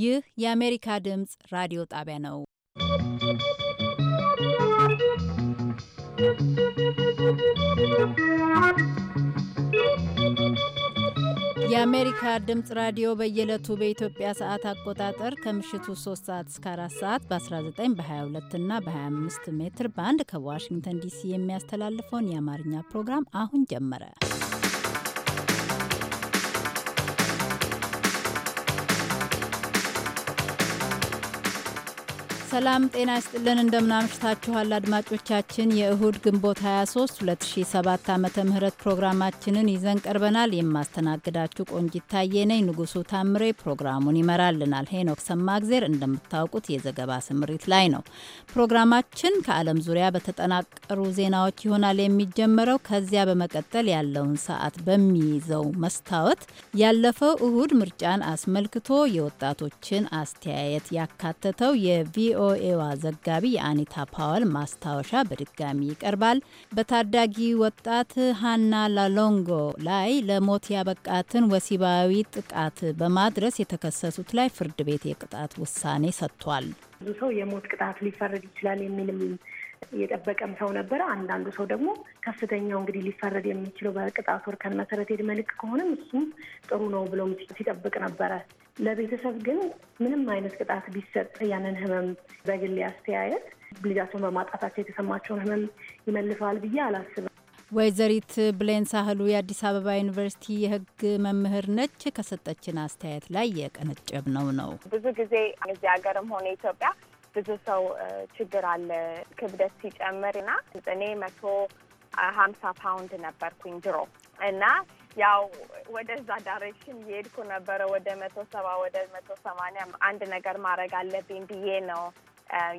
ይህ የአሜሪካ ድምፅ ራዲዮ ጣቢያ ነው። የአሜሪካ ድምፅ ራዲዮ በየዕለቱ በኢትዮጵያ ሰዓት አቆጣጠር ከምሽቱ 3 ሰዓት እስከ 4 ሰዓት በ19 በ22 እና በ25 ሜትር ባንድ ከዋሽንግተን ዲሲ የሚያስተላልፈውን የአማርኛ ፕሮግራም አሁን ጀመረ። ሰላም ጤና ይስጥልን። እንደምናምሽታችኋል አድማጮቻችን። የእሁድ ግንቦት 23 2007 ዓ ም ፕሮግራማችንን ይዘን ቀርበናል። የማስተናግዳችሁ ቆንጂት ታዬ ነኝ። ንጉሱ ታምሬ ፕሮግራሙን ይመራልናል። ሄኖክ ሰማእግዜር እንደምታውቁት የዘገባ ስምሪት ላይ ነው። ፕሮግራማችን ከዓለም ዙሪያ በተጠናቀሩ ዜናዎች ይሆናል የሚጀመረው። ከዚያ በመቀጠል ያለውን ሰዓት በሚይዘው መስታወት ያለፈው እሁድ ምርጫን አስመልክቶ የወጣቶችን አስተያየት ያካተተው የቪ የቪኦኤዋ ዘጋቢ የአኒታ ፓወል ማስታወሻ በድጋሚ ይቀርባል። በታዳጊ ወጣት ሃና ላሎንጎ ላይ ለሞት ያበቃትን ወሲባዊ ጥቃት በማድረስ የተከሰሱት ላይ ፍርድ ቤት የቅጣት ውሳኔ ሰጥቷል። ብዙ ሰው የሞት ቅጣት ሊፈረድ ይችላል የሚልም የጠበቀም ሰው ነበረ። አንዳንዱ ሰው ደግሞ ከፍተኛው እንግዲህ ሊፈረድ የሚችለው በቅጣት ወርከን መሰረት ሄድ መልክ ከሆነም እሱም ጥሩ ነው ብለው ሲጠብቅ ነበረ። ለቤተሰብ ግን ምንም አይነት ቅጣት ቢሰጥ ያንን ህመም በግል አስተያየት ልጃቸውን በማጣታቸው የተሰማቸውን ህመም ይመልሰዋል ብዬ አላስብም። ወይዘሪት ብሌን ሳህሉ የአዲስ አበባ ዩኒቨርሲቲ የህግ መምህር ነች። ከሰጠችን አስተያየት ላይ ነው ነው። ብዙ ጊዜ እዚህ ሀገርም ሆነ ኢትዮጵያ ብዙ ሰው ችግር አለ ክብደት ሲጨምር እና እኔ መቶ ሀምሳ ፓውንድ ነበርኩኝ ድሮ እና ያው ወደዛ ዳይሬክሽን እየሄድኩ ነበረ ወደ መቶ ሰባ ወደ መቶ ሰማንያ አንድ ነገር ማድረግ አለብኝ ብዬ ነው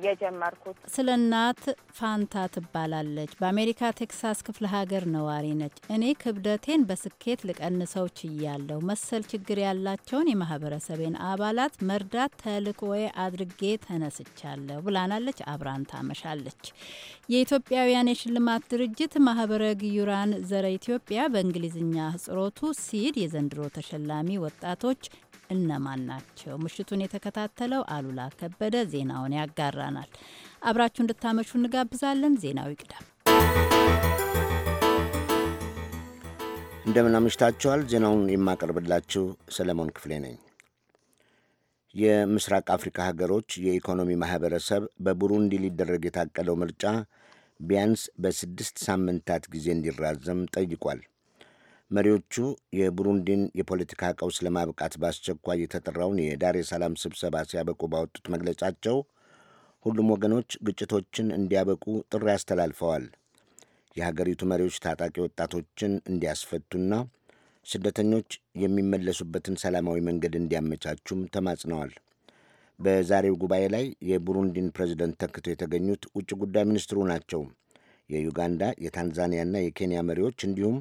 የጀመርኩት። ስለ እናት ፋንታ ትባላለች። በአሜሪካ ቴክሳስ ክፍለ ሀገር ነዋሪ ነች። እኔ ክብደቴን በስኬት ልቀንሰው ችያለሁ። መሰል ችግር ያላቸውን የማህበረሰቤን አባላት መርዳት ተልዕኮዬ አድርጌ ተነስቻለሁ ብላናለች። አብራን ታመሻለች። የኢትዮጵያውያን የሽልማት ድርጅት ማህበረ ግዩራን ዘረ ኢትዮጵያ በእንግሊዝኛ ሕጽሮቱ ሲድ የዘንድሮ ተሸላሚ ወጣቶች እነማን ናቸው? ምሽቱን የተከታተለው አሉላ ከበደ ዜናውን ያጋራናል። አብራችሁ እንድታመሹ እንጋብዛለን። ዜናው ይቅዳም። እንደምን አምሽታችኋል። ዜናውን የማቀርብላችሁ ሰለሞን ክፍሌ ነኝ። የምስራቅ አፍሪካ ሀገሮች የኢኮኖሚ ማኅበረሰብ በቡሩንዲ ሊደረግ የታቀደው ምርጫ ቢያንስ በስድስት ሳምንታት ጊዜ እንዲራዘም ጠይቋል። መሪዎቹ የቡሩንዲን የፖለቲካ ቀውስ ለማብቃት በአስቸኳይ የተጠራውን የዳሬ ሰላም ስብሰባ ሲያበቁ ባወጡት መግለጫቸው ሁሉም ወገኖች ግጭቶችን እንዲያበቁ ጥሪ አስተላልፈዋል። የሀገሪቱ መሪዎች ታጣቂ ወጣቶችን እንዲያስፈቱና ስደተኞች የሚመለሱበትን ሰላማዊ መንገድ እንዲያመቻቹም ተማጽነዋል። በዛሬው ጉባኤ ላይ የቡሩንዲን ፕሬዝደንት ተክተው የተገኙት ውጭ ጉዳይ ሚኒስትሩ ናቸው። የዩጋንዳ የታንዛኒያና የኬንያ መሪዎች እንዲሁም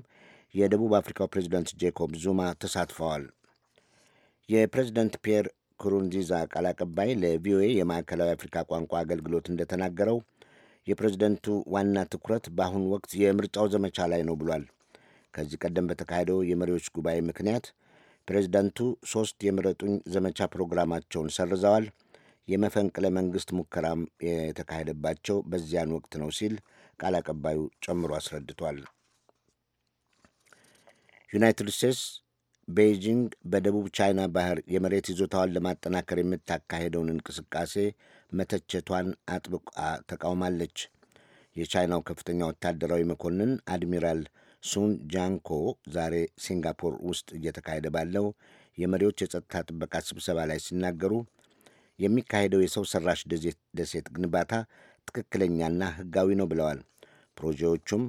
የደቡብ አፍሪካው ፕሬዚደንት ጄኮብ ዙማ ተሳትፈዋል። የፕሬዚደንት ፒየር ኩሩንዚዛ ቃል አቀባይ ለቪኦኤ የማዕከላዊ አፍሪካ ቋንቋ አገልግሎት እንደተናገረው የፕሬዝደንቱ ዋና ትኩረት በአሁኑ ወቅት የምርጫው ዘመቻ ላይ ነው ብሏል። ከዚህ ቀደም በተካሄደው የመሪዎች ጉባኤ ምክንያት ፕሬዝደንቱ ሦስት የምረጡኝ ዘመቻ ፕሮግራማቸውን ሰርዘዋል። የመፈንቅለ መንግሥት ሙከራም የተካሄደባቸው በዚያን ወቅት ነው ሲል ቃል አቀባዩ ጨምሮ አስረድቷል። ዩናይትድ ስቴትስ ቤይጂንግ በደቡብ ቻይና ባህር የመሬት ይዞታዋን ለማጠናከር የምታካሄደውን እንቅስቃሴ መተቸቷን አጥብቃ ተቃውማለች። የቻይናው ከፍተኛ ወታደራዊ መኮንን አድሚራል ሱን ጃንኮ ዛሬ ሲንጋፖር ውስጥ እየተካሄደ ባለው የመሪዎች የጸጥታ ጥበቃ ስብሰባ ላይ ሲናገሩ የሚካሄደው የሰው ሰራሽ ደሴት ግንባታ ትክክለኛና ሕጋዊ ነው ብለዋል። ፕሮጀዎቹም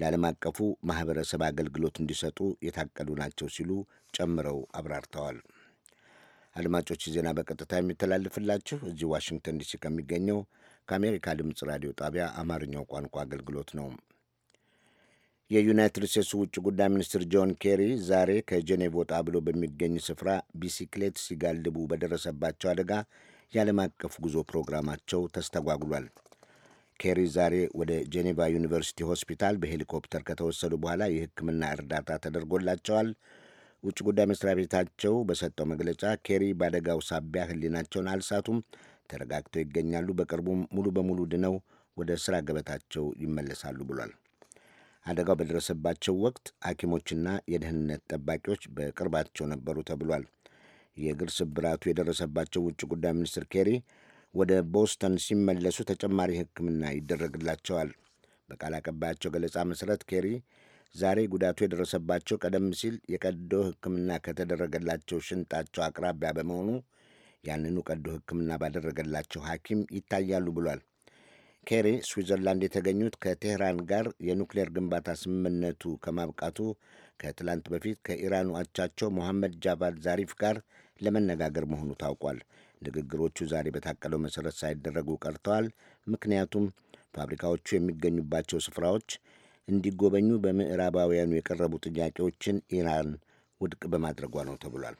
ለዓለም አቀፉ ማኅበረሰብ አገልግሎት እንዲሰጡ የታቀዱ ናቸው ሲሉ ጨምረው አብራርተዋል። አድማጮች ዜና በቀጥታ የሚተላልፍላችሁ እዚህ ዋሽንግተን ዲሲ ከሚገኘው ከአሜሪካ ድምፅ ራዲዮ ጣቢያ አማርኛው ቋንቋ አገልግሎት ነው። የዩናይትድ ስቴትስ ውጭ ጉዳይ ሚኒስትር ጆን ኬሪ ዛሬ ከጄኔቭ ወጣ ብሎ በሚገኝ ስፍራ ቢሲክሌት ሲጋልቡ በደረሰባቸው አደጋ የዓለም አቀፍ ጉዞ ፕሮግራማቸው ተስተጓጉሏል። ኬሪ ዛሬ ወደ ጄኔቫ ዩኒቨርሲቲ ሆስፒታል በሄሊኮፕተር ከተወሰዱ በኋላ የሕክምና እርዳታ ተደርጎላቸዋል። ውጭ ጉዳይ መስሪያ ቤታቸው በሰጠው መግለጫ ኬሪ በአደጋው ሳቢያ ሕሊናቸውን አልሳቱም፣ ተረጋግተው ይገኛሉ፣ በቅርቡም ሙሉ በሙሉ ድነው ወደ ሥራ ገበታቸው ይመለሳሉ ብሏል። አደጋው በደረሰባቸው ወቅት ሐኪሞችና የደህንነት ጠባቂዎች በቅርባቸው ነበሩ ተብሏል። የእግር ስብራቱ የደረሰባቸው ውጭ ጉዳይ ሚኒስትር ኬሪ ወደ ቦስተን ሲመለሱ ተጨማሪ ሕክምና ይደረግላቸዋል። በቃል አቀባያቸው ገለጻ መሠረት ኬሪ ዛሬ ጉዳቱ የደረሰባቸው ቀደም ሲል የቀዶ ሕክምና ከተደረገላቸው ሽንጣቸው አቅራቢያ በመሆኑ ያንኑ ቀዶ ሕክምና ባደረገላቸው ሐኪም ይታያሉ ብሏል። ኬሪ ስዊዘርላንድ የተገኙት ከቴህራን ጋር የኑክሌር ግንባታ ስምምነቱ ከማብቃቱ ከትላንት በፊት ከኢራኑ አቻቸው ሞሐመድ ጃቫድ ዛሪፍ ጋር ለመነጋገር መሆኑ ታውቋል። ንግግሮቹ ዛሬ በታቀደው መሠረት ሳይደረጉ ቀርተዋል። ምክንያቱም ፋብሪካዎቹ የሚገኙባቸው ስፍራዎች እንዲጎበኙ በምዕራባውያኑ የቀረቡ ጥያቄዎችን ኢራን ውድቅ በማድረጓ ነው ተብሏል።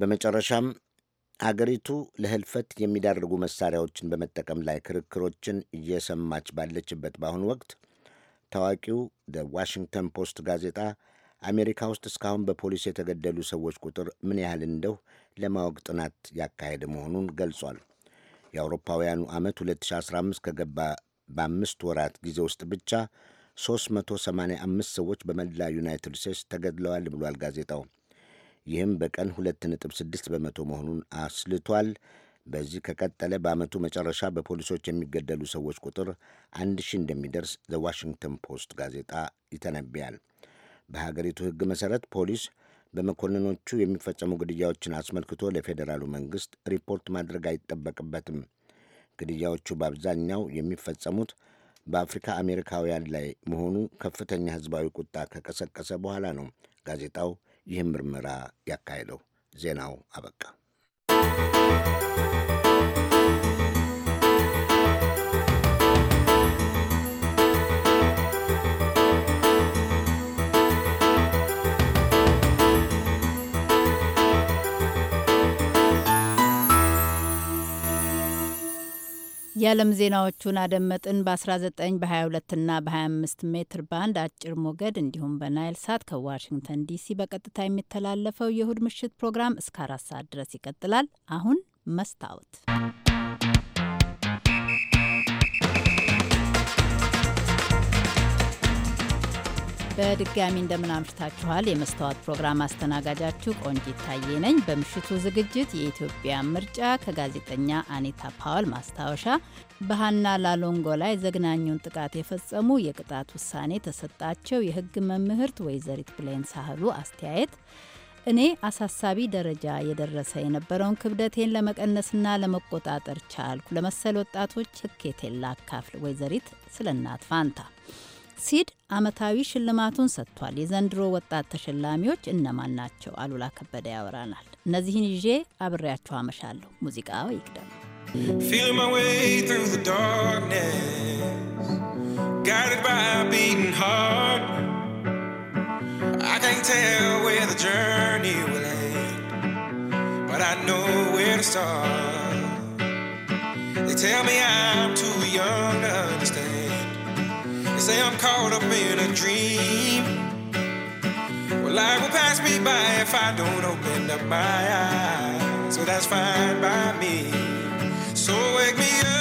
በመጨረሻም አገሪቱ ለህልፈት የሚዳርጉ መሳሪያዎችን በመጠቀም ላይ ክርክሮችን እየሰማች ባለችበት በአሁኑ ወቅት ታዋቂው ደ ዋሽንግተን ፖስት ጋዜጣ አሜሪካ ውስጥ እስካሁን በፖሊስ የተገደሉ ሰዎች ቁጥር ምን ያህል እንደው ለማወቅ ጥናት ያካሄደ መሆኑን ገልጿል። የአውሮፓውያኑ ዓመት 2015 ከገባ በአምስት ወራት ጊዜ ውስጥ ብቻ 385 ሰዎች በመላ ዩናይትድ ስቴትስ ተገድለዋል ብሏል ጋዜጣው። ይህም በቀን 2.6 በመቶ መሆኑን አስልቷል። በዚህ ከቀጠለ በዓመቱ መጨረሻ በፖሊሶች የሚገደሉ ሰዎች ቁጥር አንድ ሺህ እንደሚደርስ ዘ ዋሽንግተን ፖስት ጋዜጣ ይተነብያል። በሀገሪቱ ሕግ መሠረት ፖሊስ በመኮንኖቹ የሚፈጸሙ ግድያዎችን አስመልክቶ ለፌዴራሉ መንግሥት ሪፖርት ማድረግ አይጠበቅበትም። ግድያዎቹ በአብዛኛው የሚፈጸሙት በአፍሪካ አሜሪካውያን ላይ መሆኑ ከፍተኛ ሕዝባዊ ቁጣ ከቀሰቀሰ በኋላ ነው ጋዜጣው ይህም ምርመራ ያካሄደው። ዜናው አበቃ። የዓለም ዜናዎቹን አደመጥን። በ19 በ22 ና በ25 ሜትር ባንድ አጭር ሞገድ እንዲሁም በናይል ሳት ከዋሽንግተን ዲሲ በቀጥታ የሚተላለፈው የእሁድ ምሽት ፕሮግራም እስከ አራት ሰዓት ድረስ ይቀጥላል። አሁን መስታወት በድጋሚ እንደምናምሽታችኋል። የመስተዋት ፕሮግራም አስተናጋጃችሁ ቆንጂት ይታዬ ነኝ። በምሽቱ ዝግጅት የኢትዮጵያ ምርጫ ከጋዜጠኛ አኒታ ፓወል ማስታወሻ፣ በሀና ላሎንጎ ላይ ዘግናኙን ጥቃት የፈጸሙ የቅጣት ውሳኔ ተሰጣቸው የህግ መምህርት ወይዘሪት ብሌን ሳህሉ አስተያየት፣ እኔ አሳሳቢ ደረጃ የደረሰ የነበረውን ክብደቴን ለመቀነስና ለመቆጣጠር ቻልኩ፣ ለመሰል ወጣቶች ስኬቴን ላካፍል፣ ወይዘሪት ስለ እናት ፋንታ ሲድ ዓመታዊ ሽልማቱን ሰጥቷል። የዘንድሮ ወጣት ተሸላሚዎች እነማን ናቸው? አሉላ ከበደ ያወራናል። እነዚህን ይዤ አብሬያችሁ አመሻለሁ። ሙዚቃ ይቅደም። They tell me I'm too young to say I'm caught up in a dream. Well, life will pass me by if I don't open up my eyes. So that's fine by me. So wake me up.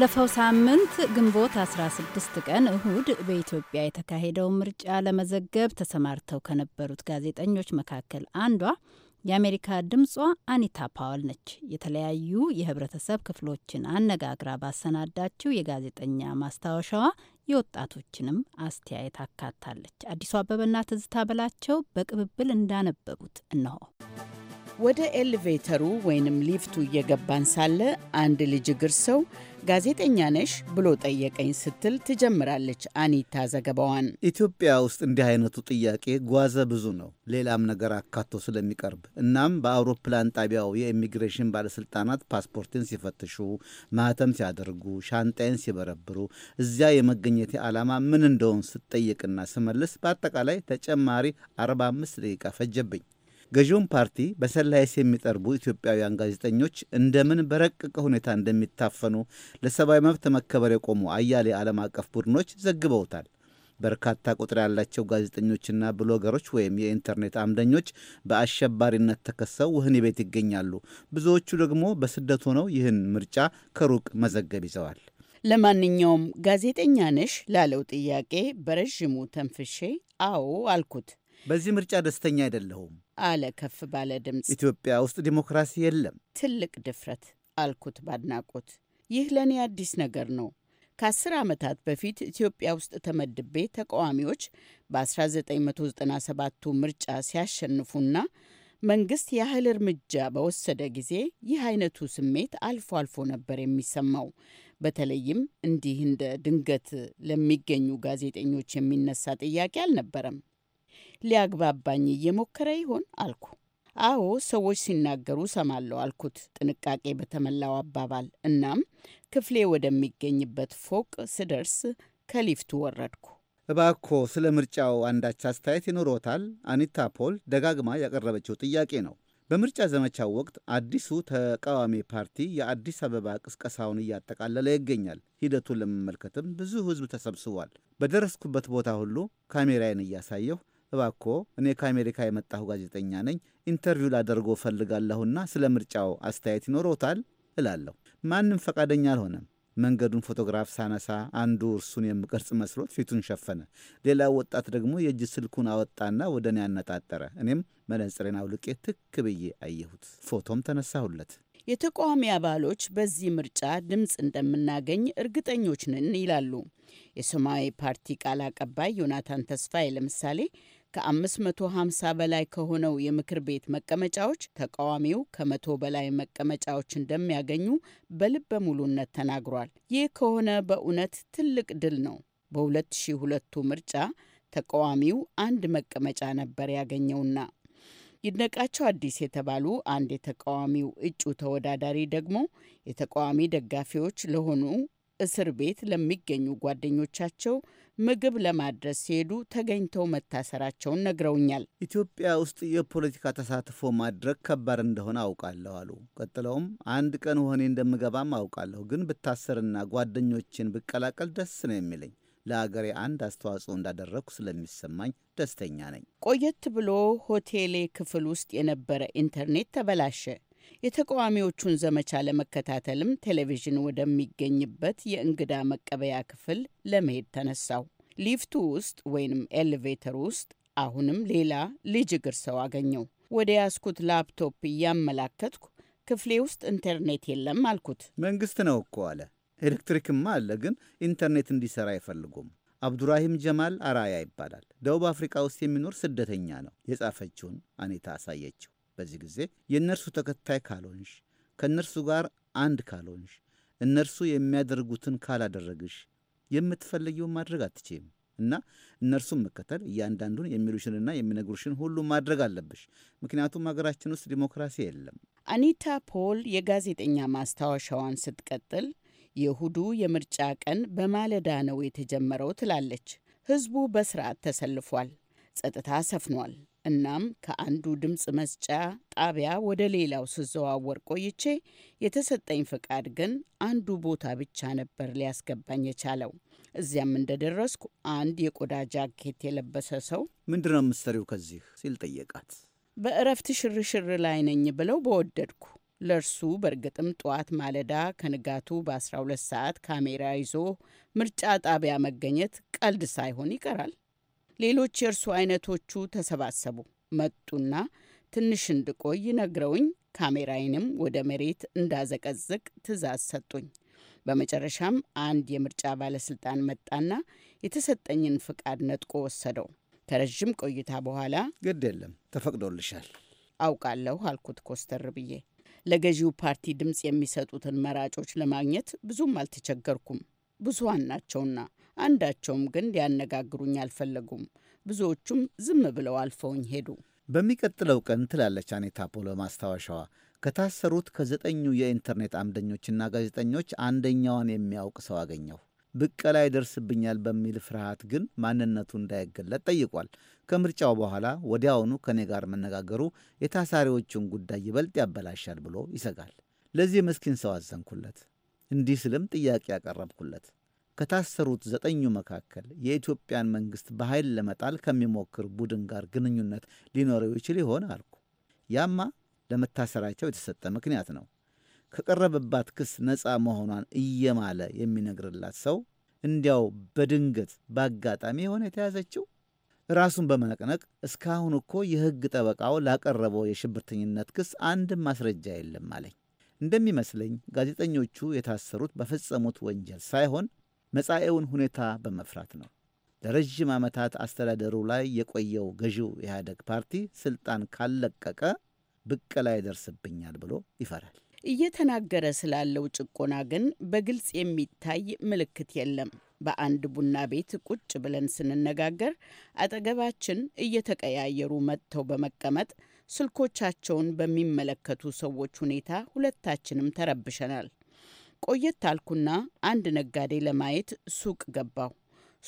ባለፈው ሳምንት ግንቦት 16 ቀን እሁድ በኢትዮጵያ የተካሄደው ምርጫ ለመዘገብ ተሰማርተው ከነበሩት ጋዜጠኞች መካከል አንዷ የአሜሪካ ድምጿ አኒታ ፓወል ነች። የተለያዩ የህብረተሰብ ክፍሎችን አነጋግራ ባሰናዳችው የጋዜጠኛ ማስታወሻዋ የወጣቶችንም አስተያየት አካታለች። አዲሱ አበበና ትዝታ በላቸው በቅብብል እንዳነበቡት እነሆ። ወደ ኤሌቬተሩ ወይንም ሊፍቱ እየገባን ሳለ አንድ ልጅ እግር ሰው ጋዜጠኛ ነሽ ብሎ ጠየቀኝ ስትል ትጀምራለች አኒታ ዘገባዋን። ኢትዮጵያ ውስጥ እንዲህ አይነቱ ጥያቄ ጓዘ ብዙ ነው፣ ሌላም ነገር አካቶ ስለሚቀርብ እናም በአውሮፕላን ጣቢያው የኢሚግሬሽን ባለስልጣናት ፓስፖርትን ሲፈትሹ፣ ማህተም ሲያደርጉ፣ ሻንጣይን ሲበረብሩ፣ እዚያ የመገኘት ዓላማ ምን እንደሆን ስጠየቅና ስመልስ በአጠቃላይ ተጨማሪ 45 ደቂቃ ፈጀብኝ። ገዢውን ፓርቲ በሰላይስ የሚጠርቡ ኢትዮጵያውያን ጋዜጠኞች እንደምን በረቀቀ ሁኔታ እንደሚታፈኑ ለሰብአዊ መብት መከበር የቆሙ አያሌ ዓለም አቀፍ ቡድኖች ዘግበውታል። በርካታ ቁጥር ያላቸው ጋዜጠኞችና ብሎገሮች ወይም የኢንተርኔት አምደኞች በአሸባሪነት ተከሰው ወህኒ ቤት ይገኛሉ። ብዙዎቹ ደግሞ በስደት ሆነው ይህን ምርጫ ከሩቅ መዘገብ ይዘዋል። ለማንኛውም ጋዜጠኛ ነሽ ላለው ጥያቄ በረዥሙ ተንፍሼ አዎ አልኩት። በዚህ ምርጫ ደስተኛ አይደለሁም አለ ከፍ ባለ ድምፅ። ኢትዮጵያ ውስጥ ዲሞክራሲ የለም። ትልቅ ድፍረት አልኩት ባድናቆት። ይህ ለእኔ አዲስ ነገር ነው። ከአስር ዓመታት በፊት ኢትዮጵያ ውስጥ ተመድቤ ተቃዋሚዎች በ1997ቱ ምርጫ ሲያሸንፉና መንግስት ያህል እርምጃ በወሰደ ጊዜ ይህ አይነቱ ስሜት አልፎ አልፎ ነበር የሚሰማው። በተለይም እንዲህ እንደ ድንገት ለሚገኙ ጋዜጠኞች የሚነሳ ጥያቄ አልነበረም። ሊያግባባኝ እየሞከረ ይሆን አልኩ። አዎ ሰዎች ሲናገሩ ሰማለሁ አልኩት ጥንቃቄ በተሞላው አባባል። እናም ክፍሌ ወደሚገኝበት ፎቅ ስደርስ ከሊፍቱ ወረድኩ። እባክዎ ስለ ምርጫው አንዳች አስተያየት ይኖሮታል? አኒታ ፖል ደጋግማ ያቀረበችው ጥያቄ ነው። በምርጫ ዘመቻው ወቅት አዲሱ ተቃዋሚ ፓርቲ የአዲስ አበባ ቅስቀሳውን እያጠቃለለ ይገኛል። ሂደቱን ለመመልከትም ብዙ ሕዝብ ተሰብስቧል። በደረስኩበት ቦታ ሁሉ ካሜራዬን እያሳየሁ እባኮ እኔ ከአሜሪካ የመጣሁ ጋዜጠኛ ነኝ፣ ኢንተርቪው ላደርጎ ፈልጋለሁና ስለ ምርጫው አስተያየት ይኖሮታል እላለሁ። ማንም ፈቃደኛ አልሆነም። መንገዱን ፎቶግራፍ ሳነሳ አንዱ እርሱን የምቀርጽ መስሎት ፊቱን ሸፈነ። ሌላው ወጣት ደግሞ የእጅ ስልኩን አወጣና ወደ እኔ አነጣጠረ። እኔም መነጽሬን አውልቄ ትክ ብዬ አየሁት። ፎቶም ተነሳሁለት። የተቃዋሚ አባሎች በዚህ ምርጫ ድምፅ እንደምናገኝ እርግጠኞች ነን ይላሉ። የሰማያዊ ፓርቲ ቃል አቀባይ ዮናታን ተስፋዬ ለምሳሌ ከ550 በላይ ከሆነው የምክር ቤት መቀመጫዎች ተቃዋሚው ከመቶ በላይ መቀመጫዎች እንደሚያገኙ በልበ ሙሉነት ተናግሯል። ይህ ከሆነ በእውነት ትልቅ ድል ነው። በ2002ቱ ምርጫ ተቃዋሚው አንድ መቀመጫ ነበር ያገኘውና ይድነቃቸው አዲስ የተባሉ አንድ የተቃዋሚው እጩ ተወዳዳሪ ደግሞ የተቃዋሚ ደጋፊዎች ለሆኑ እስር ቤት ለሚገኙ ጓደኞቻቸው ምግብ ለማድረስ ሲሄዱ ተገኝተው መታሰራቸውን ነግረውኛል። ኢትዮጵያ ውስጥ የፖለቲካ ተሳትፎ ማድረግ ከባድ እንደሆነ አውቃለሁ አሉ። ቀጥለውም አንድ ቀን ሆኔ እንደምገባም አውቃለሁ፣ ግን ብታሰርና ጓደኞችን ብቀላቀል ደስ ነው የሚለኝ ለአገሬ አንድ አስተዋጽኦ እንዳደረግኩ ስለሚሰማኝ ደስተኛ ነኝ። ቆየት ብሎ ሆቴሌ ክፍል ውስጥ የነበረ ኢንተርኔት ተበላሸ። የተቃዋሚዎቹን ዘመቻ ለመከታተልም ቴሌቪዥን ወደሚገኝበት የእንግዳ መቀበያ ክፍል ለመሄድ ተነሳው። ሊፍቱ ውስጥ ወይንም ኤሌቬተር ውስጥ አሁንም ሌላ ልጅ እግር ሰው አገኘው። ወደ ያስኩት ላፕቶፕ እያመላከትኩ ክፍሌ ውስጥ ኢንተርኔት የለም አልኩት። መንግስት ነው እኮ አለ። ኤሌክትሪክማ አለ፣ ግን ኢንተርኔት እንዲሰራ አይፈልጉም። አብዱራሂም ጀማል አራያ ይባላል። ደቡብ አፍሪካ ውስጥ የሚኖር ስደተኛ ነው። የጻፈችውን አኔታ አሳየችው። በዚህ ጊዜ የእነርሱ ተከታይ ካልሆንሽ፣ ከእነርሱ ጋር አንድ ካልሆንሽ፣ እነርሱ የሚያደርጉትን ካላደረግሽ የምትፈልጊውን ማድረግ አትችም እና እነርሱን መከተል እያንዳንዱን የሚሉሽንና የሚነግሩሽን ሁሉ ማድረግ አለብሽ። ምክንያቱም ሀገራችን ውስጥ ዲሞክራሲ የለም። አኒታ ፖል የጋዜጠኛ ማስታወሻዋን ስትቀጥል የእሁዱ የምርጫ ቀን በማለዳ ነው የተጀመረው ትላለች። ህዝቡ በስርዓት ተሰልፏል። ጸጥታ ሰፍኗል። እናም ከአንዱ ድምፅ መስጫ ጣቢያ ወደ ሌላው ስዘዋወር ቆይቼ የተሰጠኝ ፈቃድ ግን አንዱ ቦታ ብቻ ነበር ሊያስገባኝ የቻለው። እዚያም እንደደረስኩ አንድ የቆዳ ጃኬት የለበሰ ሰው ምንድነው የምትሰሪው ከዚህ ሲል ጠየቃት። በእረፍት ሽርሽር ላይ ነኝ ብለው በወደድኩ ለእርሱ በእርግጥም ጠዋት ማለዳ ከንጋቱ በ12 ሰዓት ካሜራ ይዞ ምርጫ ጣቢያ መገኘት ቀልድ ሳይሆን ይቀራል። ሌሎች የእርሱ አይነቶቹ ተሰባሰቡ መጡና ትንሽ እንድቆይ ነግረውኝ ካሜራዬንም ወደ መሬት እንዳዘቀዝቅ ትዕዛዝ ሰጡኝ። በመጨረሻም አንድ የምርጫ ባለስልጣን መጣና የተሰጠኝን ፍቃድ ነጥቆ ወሰደው። ከረዥም ቆይታ በኋላ ግድ የለም ተፈቅዶልሻል አውቃለሁ አልኩት ኮስተር ብዬ። ለገዢው ፓርቲ ድምፅ የሚሰጡትን መራጮች ለማግኘት ብዙም አልተቸገርኩም፣ ብዙሀን ናቸውና አንዳቸውም ግን ሊያነጋግሩኝ አልፈለጉም። ብዙዎቹም ዝም ብለው አልፈውኝ ሄዱ። በሚቀጥለው ቀን ትላለች አኔታ ፖሎ ማስታወሻዋ፣ ከታሰሩት ከዘጠኙ የኢንተርኔት አምደኞችና ጋዜጠኞች አንደኛዋን የሚያውቅ ሰው አገኘሁ። ብቀላ ይደርስብኛል በሚል ፍርሃት ግን ማንነቱ እንዳይገለጥ ጠይቋል። ከምርጫው በኋላ ወዲያውኑ ከእኔ ጋር መነጋገሩ የታሳሪዎቹን ጉዳይ ይበልጥ ያበላሻል ብሎ ይሰጋል። ለዚህ ምስኪን ሰው አዘንኩለት። እንዲህ ስልም ጥያቄ ያቀረብኩለት ከታሰሩት ዘጠኙ መካከል የኢትዮጵያን መንግሥት በኃይል ለመጣል ከሚሞክር ቡድን ጋር ግንኙነት ሊኖረው ይችል ይሆን አልኩ። ያማ ለመታሰራቸው የተሰጠ ምክንያት ነው። ከቀረበባት ክስ ነፃ መሆኗን እየማለ የሚነግርላት ሰው እንዲያው በድንገት በአጋጣሚ የሆነ የተያዘችው ራሱን በመነቅነቅ እስካሁን እኮ የሕግ ጠበቃው ላቀረበው የሽብርተኝነት ክስ አንድም ማስረጃ የለም አለኝ። እንደሚመስለኝ ጋዜጠኞቹ የታሰሩት በፈጸሙት ወንጀል ሳይሆን መጻኤውን ሁኔታ በመፍራት ነው። ለረዥም ዓመታት አስተዳደሩ ላይ የቆየው ገዢው ኢህአደግ ፓርቲ ስልጣን ካለቀቀ ብቀላ ይደርስብኛል ብሎ ይፈራል። እየተናገረ ስላለው ጭቆና ግን በግልጽ የሚታይ ምልክት የለም። በአንድ ቡና ቤት ቁጭ ብለን ስንነጋገር አጠገባችን እየተቀያየሩ መጥተው በመቀመጥ ስልኮቻቸውን በሚመለከቱ ሰዎች ሁኔታ ሁለታችንም ተረብሸናል። ቆየት አልኩና አንድ ነጋዴ ለማየት ሱቅ ገባሁ።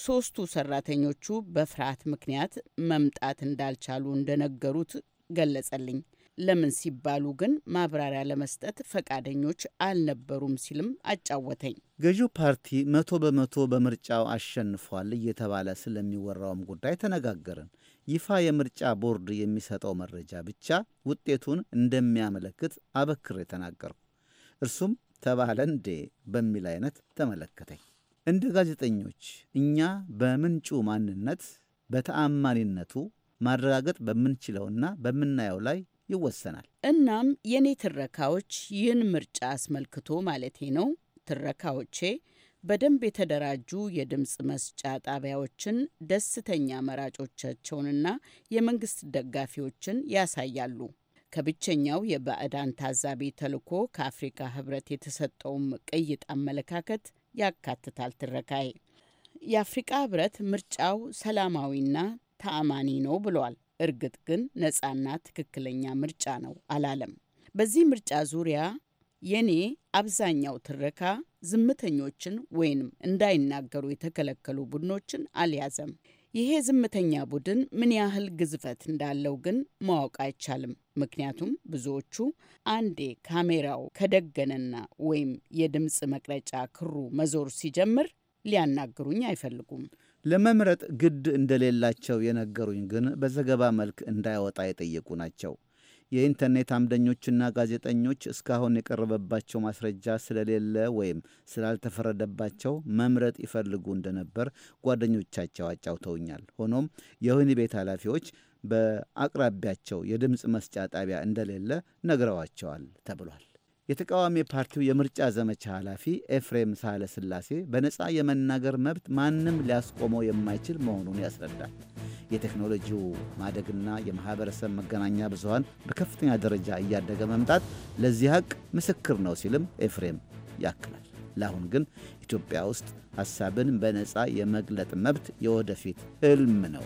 ሶስቱ ሰራተኞቹ በፍርሃት ምክንያት መምጣት እንዳልቻሉ እንደነገሩት ገለጸልኝ። ለምን ሲባሉ ግን ማብራሪያ ለመስጠት ፈቃደኞች አልነበሩም ሲልም አጫወተኝ። ገዢው ፓርቲ መቶ በመቶ በምርጫው አሸንፏል እየተባለ ስለሚወራውም ጉዳይ ተነጋገርን። ይፋ የምርጫ ቦርድ የሚሰጠው መረጃ ብቻ ውጤቱን እንደሚያመለክት አበክሬ ተናገርኩ። እርሱም ተባለ እንዴ በሚል አይነት ተመለከተኝ። እንደ ጋዜጠኞች እኛ በምንጩ ማንነት በተአማኒነቱ ማረጋገጥ በምንችለውና በምናየው ላይ ይወሰናል። እናም የኔ ትረካዎች ይህን ምርጫ አስመልክቶ ማለቴ ነው። ትረካዎቼ በደንብ የተደራጁ የድምፅ መስጫ ጣቢያዎችን፣ ደስተኛ መራጮቻቸውንና የመንግስት ደጋፊዎችን ያሳያሉ። ከብቸኛው የባዕዳን ታዛቢ ተልዕኮ ከአፍሪካ ህብረት የተሰጠውም ቅይጥ አመለካከት ያካትታል። ትረካይ የአፍሪቃ ህብረት ምርጫው ሰላማዊና ተአማኒ ነው ብሏል። እርግጥ ግን ነፃና ትክክለኛ ምርጫ ነው አላለም። በዚህ ምርጫ ዙሪያ የኔ አብዛኛው ትረካ ዝምተኞችን ወይንም እንዳይናገሩ የተከለከሉ ቡድኖችን አልያዘም። ይሄ ዝምተኛ ቡድን ምን ያህል ግዝፈት እንዳለው ግን ማወቅ አይቻልም። ምክንያቱም ብዙዎቹ አንዴ ካሜራው ከደገነና ወይም የድምፅ መቅረጫ ክሩ መዞር ሲጀምር ሊያናግሩኝ አይፈልጉም። ለመምረጥ ግድ እንደሌላቸው የነገሩኝ ግን በዘገባ መልክ እንዳይወጣ የጠየቁ ናቸው። የኢንተርኔት አምደኞችና ጋዜጠኞች እስካሁን የቀረበባቸው ማስረጃ ስለሌለ ወይም ስላልተፈረደባቸው መምረጥ ይፈልጉ እንደነበር ጓደኞቻቸው አጫውተውኛል። ሆኖም የወህኒ ቤት ኃላፊዎች በአቅራቢያቸው የድምፅ መስጫ ጣቢያ እንደሌለ ነግረዋቸዋል ተብሏል። የተቃዋሚ ፓርቲው የምርጫ ዘመቻ ኃላፊ ኤፍሬም ሳለስላሴ ስላሴ በነፃ የመናገር መብት ማንም ሊያስቆመው የማይችል መሆኑን ያስረዳል። የቴክኖሎጂው ማደግና የማህበረሰብ መገናኛ ብዙሃን በከፍተኛ ደረጃ እያደገ መምጣት ለዚህ ሀቅ ምስክር ነው ሲልም ኤፍሬም ያክላል። ለአሁን ግን ኢትዮጵያ ውስጥ ሀሳብን በነፃ የመግለጥ መብት የወደፊት ሕልም ነው።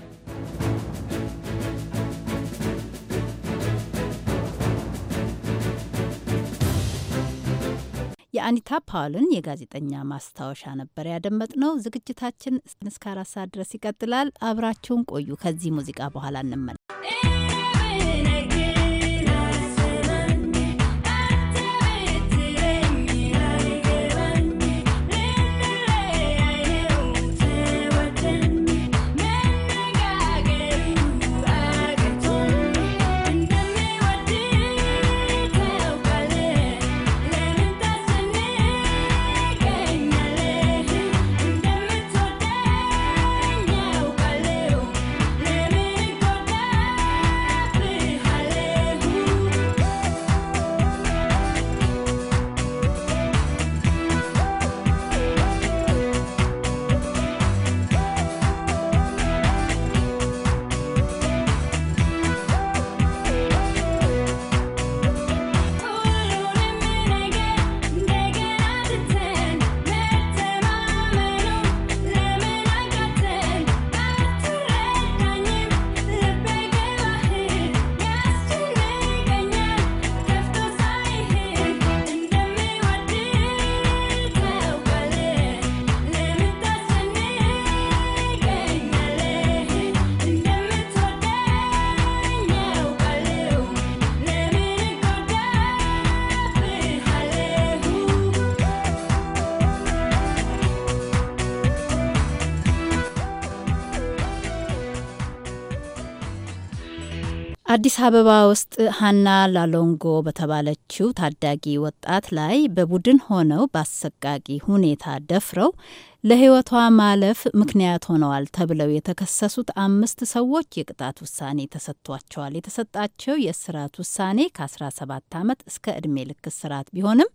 የአኒታ ፓውልን የጋዜጠኛ ማስታወሻ ነበር ያደመጥነው። ዝግጅታችን እስከ አራት ሰዓት ድረስ ይቀጥላል። አብራችሁን ቆዩ። ከዚህ ሙዚቃ በኋላ እንመለስ። አዲስ አበባ ውስጥ ሀና ላሎንጎ በተባለችው ታዳጊ ወጣት ላይ በቡድን ሆነው በአሰቃቂ ሁኔታ ደፍረው ለሕይወቷ ማለፍ ምክንያት ሆነዋል ተብለው የተከሰሱት አምስት ሰዎች የቅጣት ውሳኔ ተሰጥቷቸዋል። የተሰጣቸው የእስራት ውሳኔ ከ17 ዓመት እስከ ዕድሜ ልክ እስራት ቢሆንም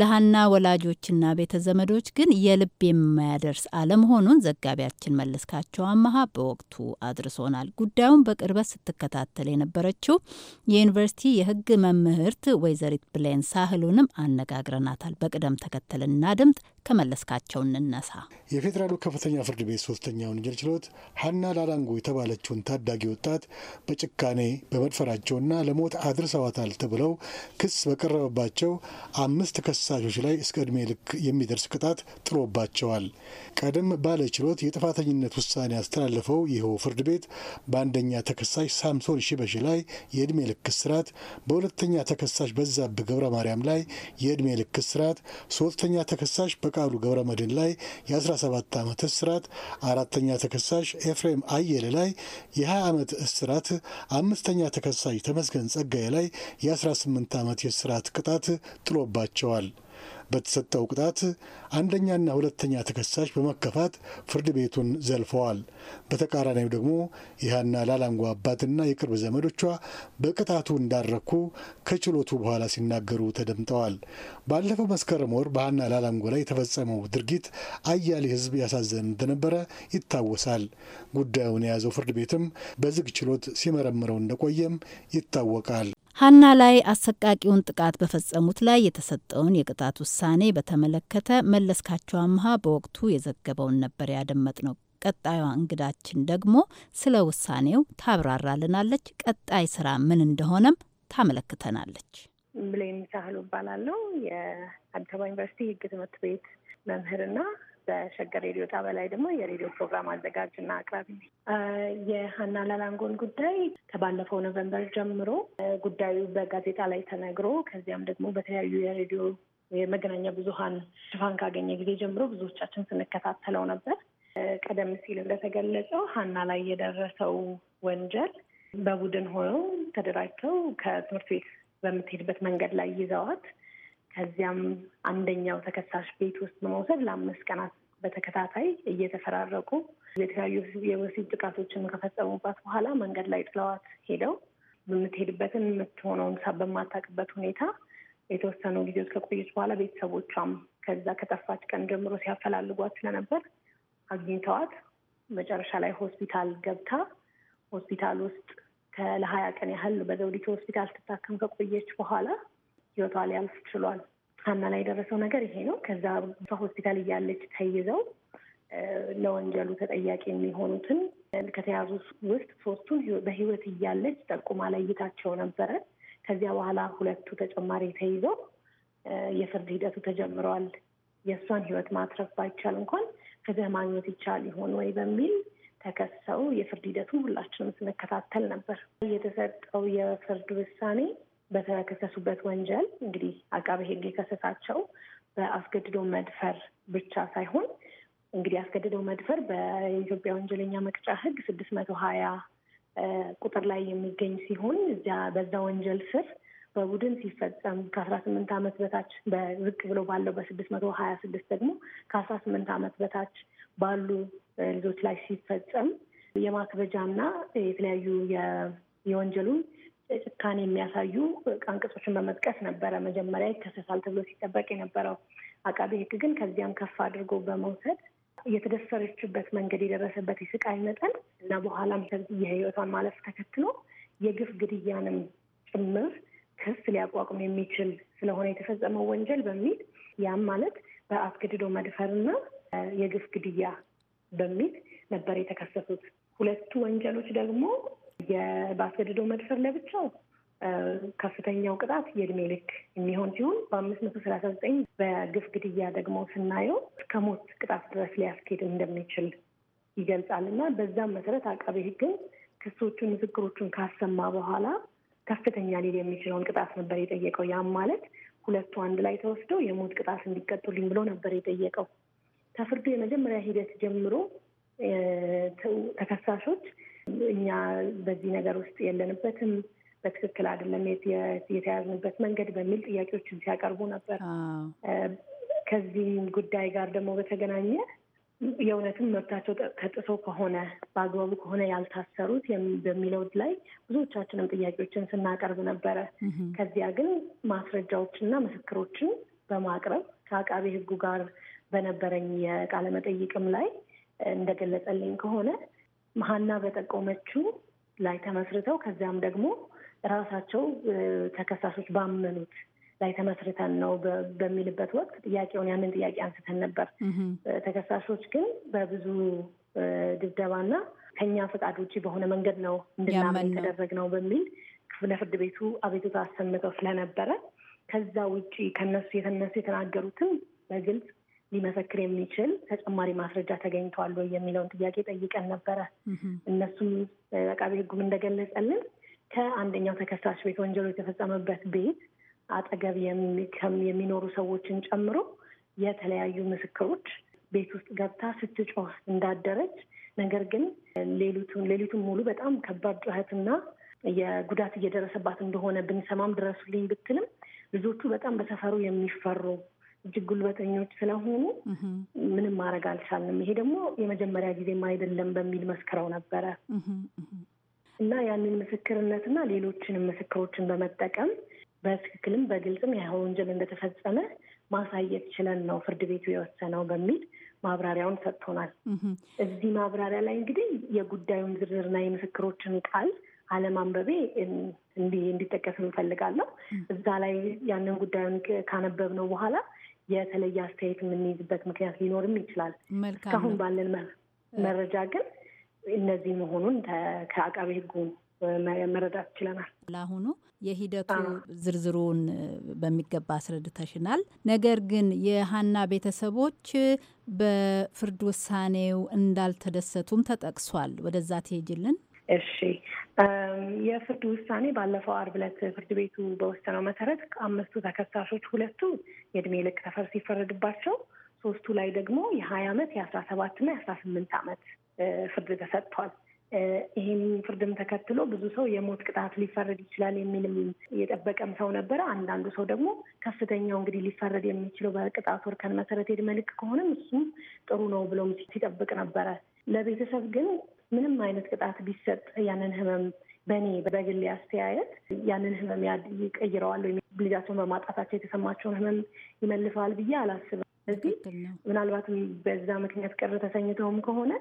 ለሀና ወላጆችና ቤተ ዘመዶች ግን የልብ የማያደርስ አለመሆኑን ዘጋቢያችን መለስካቸው አመሃ በወቅቱ አድርሶናል። ጉዳዩን በቅርበት ስትከታተል የነበረችው የዩኒቨርሲቲ የሕግ መምህርት ወይዘሪት ብሌን ሳህሉንም አነጋግረናታል። በቅደም ተከተል እናድምጥ። ከመለስካቸው እንነሳ። የፌዴራሉ ከፍተኛ ፍርድ ቤት ሶስተኛ ወንጀል ችሎት ሀና ላላንጎ የተባለችውን ታዳጊ ወጣት በጭካኔ በመድፈራቸውና ለሞት አድርሰዋታል ተብለው ክስ በቀረበባቸው አምስት ከሳሾች ላይ እስከ ዕድሜ ልክ የሚደርስ ቅጣት ጥሎባቸዋል። ቀደም ባለ ችሎት የጥፋተኝነት ውሳኔ ያስተላለፈው ይኸው ፍርድ ቤት በአንደኛ ተከሳሽ ሳምሶን ሽበሽ ላይ የዕድሜ ልክ እስራት፣ በሁለተኛ ተከሳሽ በዛብህ ገብረ ማርያም ላይ የዕድሜ ልክ እስራት፣ ሶስተኛ ተከሳሽ በቃሉ ገብረ መድን ላይ የ17 ዓመት እስራት፣ አራተኛ ተከሳሽ ኤፍሬም አየለ ላይ የ20 ዓመት እስራት፣ አምስተኛ ተከሳሽ ተመስገን ጸጋዬ ላይ የ18 ዓመት የእስራት ቅጣት ጥሎባቸዋል። በተሰጠው ቅጣት አንደኛና ሁለተኛ ተከሳሽ በመከፋት ፍርድ ቤቱን ዘልፈዋል። በተቃራኒው ደግሞ ይህና ላላንጎ አባትና የቅርብ ዘመዶቿ በቅጣቱ እንዳረኩ ከችሎቱ በኋላ ሲናገሩ ተደምጠዋል። ባለፈው መስከረም ወር በሀና ላላንጎ ላይ የተፈጸመው ድርጊት አያሌ ሕዝብ ያሳዘን እንደነበረ ይታወሳል። ጉዳዩን የያዘው ፍርድ ቤትም በዝግ ችሎት ሲመረምረው እንደቆየም ይታወቃል። ሀና ላይ አሰቃቂውን ጥቃት በፈጸሙት ላይ የተሰጠውን የቅጣት ውሳኔ በተመለከተ መለስካቸው አምሃ በወቅቱ የዘገበውን ነበር ያደመጥ ነው። ቀጣዩ እንግዳችን ደግሞ ስለ ውሳኔው ታብራራልናለች። ቀጣይ ስራ ምን እንደሆነም ታመለክተናለች። ብሌን ሳህሉ እባላለሁ። የአዲስ አበባ ዩኒቨርሲቲ ህግ ትምህርት ቤት መምህርና በሸገር ሬዲዮ ጣቢያ ላይ ደግሞ የሬዲዮ ፕሮግራም እና አቅራቢ። የሀና ላላንጎን ጉዳይ ከባለፈው ኖቨምበር ጀምሮ ጉዳዩ በጋዜጣ ላይ ተነግሮ ከዚያም ደግሞ በተለያዩ የሬዲዮ የመገናኛ ብዙኃን ሽፋን ካገኘ ጊዜ ጀምሮ ብዙዎቻችን ስንከታተለው ነበር። ቀደም ሲል እንደተገለጸው ሀና ላይ የደረሰው ወንጀል በቡድን ሆነው ተደራጅተው ከትምህርት ቤት በምትሄድበት መንገድ ላይ ይዘዋት ከዚያም አንደኛው ተከሳሽ ቤት ውስጥ በመውሰድ ለአምስት ቀናት በተከታታይ እየተፈራረቁ የተለያዩ የወሲብ ጥቃቶችን ከፈጸሙባት በኋላ መንገድ ላይ ጥለዋት ሄደው የምትሄድበትን የምትሆነውን ሳ በማታውቅበት ሁኔታ የተወሰኑ ጊዜዎች ከቆየች በኋላ ቤተሰቦቿም ከዛ ከጠፋች ቀን ጀምሮ ሲያፈላልጓት ስለነበር አግኝተዋት መጨረሻ ላይ ሆስፒታል ገብታ ሆስፒታል ውስጥ ለሀያ ቀን ያህል በዘውዲቱ ሆስፒታል ትታከም ከቆየች በኋላ ህይወቷ ሊያልፍ ችሏል። ሀና ላይ የደረሰው ነገር ይሄ ነው። ከዛ ሆስፒታል እያለች ተይዘው ለወንጀሉ ተጠያቂ የሚሆኑትን ከተያዙ ውስጥ ሶስቱን በህይወት እያለች ጠቁማ ለይታቸው ነበረ። ከዚያ በኋላ ሁለቱ ተጨማሪ ተይዘው የፍርድ ሂደቱ ተጀምረዋል። የእሷን ህይወት ማትረፍ ባይቻል እንኳን ፍትህ ማግኘት ይቻል ይሆን ወይ በሚል ተከሰው የፍርድ ሂደቱን ሁላችንም ስንከታተል ነበር። የተሰጠው የፍርድ ውሳኔ በተከሰሱበት ወንጀል እንግዲህ አቃቤ ሕግ የከሰሳቸው በአስገድዶ መድፈር ብቻ ሳይሆን እንግዲህ አስገድዶ መድፈር በኢትዮጵያ ወንጀለኛ መቅጫ ሕግ ስድስት መቶ ሀያ ቁጥር ላይ የሚገኝ ሲሆን እዚያ በዛ ወንጀል ስር በቡድን ሲፈጸም ከአስራ ስምንት ዓመት በታች በዝቅ ብሎ ባለው በስድስት መቶ ሀያ ስድስት ደግሞ ከአስራ ስምንት ዓመት በታች ባሉ ልጆች ላይ ሲፈጸም የማክበጃና የተለያዩ የወንጀሉን ጭካኔ የሚያሳዩ አንቀጾችን በመጥቀስ ነበረ መጀመሪያ ይከሰሳል ተብሎ ሲጠበቅ የነበረው። አቃቤ ሕግ ግን ከዚያም ከፍ አድርጎ በመውሰድ የተደፈረችበት መንገድ የደረሰበት የስቃይ መጠን እና በኋላም የህይወቷን ማለፍ ተከትሎ የግፍ ግድያንም ጭምር ክስ ሊያቋቁም የሚችል ስለሆነ የተፈጸመው ወንጀል በሚል ያም ማለት በአስገድዶ መድፈርና የግፍ ግድያ በሚል ነበር የተከሰሱት። ሁለቱ ወንጀሎች ደግሞ የባስገድዶ መድፈር ለብቻው ከፍተኛው ቅጣት የእድሜ ልክ የሚሆን ሲሆን በአምስት መቶ ሰላሳ ዘጠኝ በግፍ ግድያ ደግሞ ስናየው እስከ ሞት ቅጣት ድረስ ሊያስኬድ እንደሚችል ይገልጻል እና በዛም መሰረት አቃቤ ሕግን ክሶቹን፣ ምስክሮቹን ካሰማ በኋላ ከፍተኛ ሊል የሚችለውን ቅጣት ነበር የጠየቀው። ያም ማለት ሁለቱ አንድ ላይ ተወስደው የሞት ቅጣት እንዲቀጡልኝ ብሎ ነበር የጠየቀው። ከፍርዱ የመጀመሪያ ሂደት ጀምሮ ተከሳሾች እኛ በዚህ ነገር ውስጥ የለንበትም፣ በትክክል አይደለም የተያዝንበት መንገድ በሚል ጥያቄዎችን ሲያቀርቡ ነበር። ከዚህም ጉዳይ ጋር ደግሞ በተገናኘ የእውነትም መብታቸው ተጥሶ ከሆነ በአግባቡ ከሆነ ያልታሰሩት በሚለው ላይ ብዙዎቻችንም ጥያቄዎችን ስናቀርብ ነበረ። ከዚያ ግን ማስረጃዎችንና ምስክሮችን በማቅረብ ከአቃቤ ሕጉ ጋር በነበረኝ የቃለ መጠይቅም ላይ እንደገለጸልኝ ከሆነ መሀና በጠቆመችው ላይ ተመስርተው ከዚያም ደግሞ ራሳቸው ተከሳሾች ባመኑት ላይ ተመስርተን ነው በሚልበት ወቅት ጥያቄውን ያንን ጥያቄ አንስተን ነበር። ተከሳሾች ግን በብዙ ድብደባና ከኛ ፈቃድ ውጭ በሆነ መንገድ ነው እንድናምን ነው በሚል ክፍለ ፍርድ ቤቱ አቤቱታ አሰምተው ስለነበረ ከዛ ውጭ ከነሱ የተነሱ የተናገሩትም በግልጽ ሊመሰክር የሚችል ተጨማሪ ማስረጃ ተገኝቷል ወይ የሚለውን ጥያቄ ጠይቀን ነበረ። እነሱም አቃቤ ሕጉም እንደገለጸልን ከአንደኛው ተከሳሽ ቤት ወንጀሉ የተፈጸመበት ቤት አጠገብ የሚኖሩ ሰዎችን ጨምሮ የተለያዩ ምስክሮች ቤት ውስጥ ገብታ ስትጮህ እንዳደረች፣ ነገር ግን ሌሊቱን ሌሊቱን ሙሉ በጣም ከባድ ጩኸትና የጉዳት እየደረሰባት እንደሆነ ብንሰማም ድረሱልኝ ብትልም ልጆቹ በጣም በሰፈሩ የሚፈሩ እጅግ ጉልበተኞች ስለሆኑ ምንም ማድረግ አልቻልንም። ይሄ ደግሞ የመጀመሪያ ጊዜም አይደለም በሚል መስክረው ነበረ እና ያንን ምስክርነትና ሌሎችንም ምስክሮችን በመጠቀም በትክክልም በግልጽም ያ ወንጀል እንደተፈጸመ ማሳየት ችለን ነው ፍርድ ቤቱ የወሰነው በሚል ማብራሪያውን ሰጥቶናል። እዚህ ማብራሪያ ላይ እንግዲህ የጉዳዩን ዝርዝርና የምስክሮችን ቃል አለማንበቤ እንዲጠቀስ እንፈልጋለሁ። እዛ ላይ ያንን ጉዳዩን ካነበብነው በኋላ የተለየ አስተያየት የምንይዝበት ምክንያት ሊኖርም ይችላል። እስካሁን ባለን መረጃ ግን እነዚህ መሆኑን ከአቃቤ ሕጉ መረዳት ችለናል። ለአሁኑ የሂደቱ ዝርዝሩን በሚገባ አስረድተሽናል። ነገር ግን የሀና ቤተሰቦች በፍርድ ውሳኔው እንዳልተደሰቱም ተጠቅሷል። ወደዛ ትሄጅልን እሺ የፍርድ ውሳኔ ባለፈው አርብ ዕለት ፍርድ ቤቱ በወሰነው መሰረት ከአምስቱ ተከሳሾች ሁለቱ የእድሜ ልክ ተፈር ሲፈረድባቸው፣ ሶስቱ ላይ ደግሞ የሀያ ዓመት የአስራ ና የአስራ ስምንት ዓመት ፍርድ ተሰጥቷል። ይህም ፍርድም ተከትሎ ብዙ ሰው የሞት ቅጣት ሊፈረድ ይችላል የሚልም የጠበቀም ሰው ነበረ። አንዳንዱ ሰው ደግሞ ከፍተኛው እንግዲህ ሊፈረድ የሚችለው በቅጣት ወርከን መሰረት የእድሜ ከሆነም እሱም ጥሩ ነው ብሎም ሲጠብቅ ነበረ። ለቤተሰብ ግን ምንም አይነት ቅጣት ቢሰጥ ያንን ህመም በእኔ በግል አስተያየት ያንን ህመም ይቀይረዋል ወይም ልጃቸውን በማጣታቸው የተሰማቸውን ህመም ይመልሰዋል ብዬ አላስብም። ስለዚህ ምናልባትም በዛ ምክንያት ቅር ተሰኝተውም ከሆነ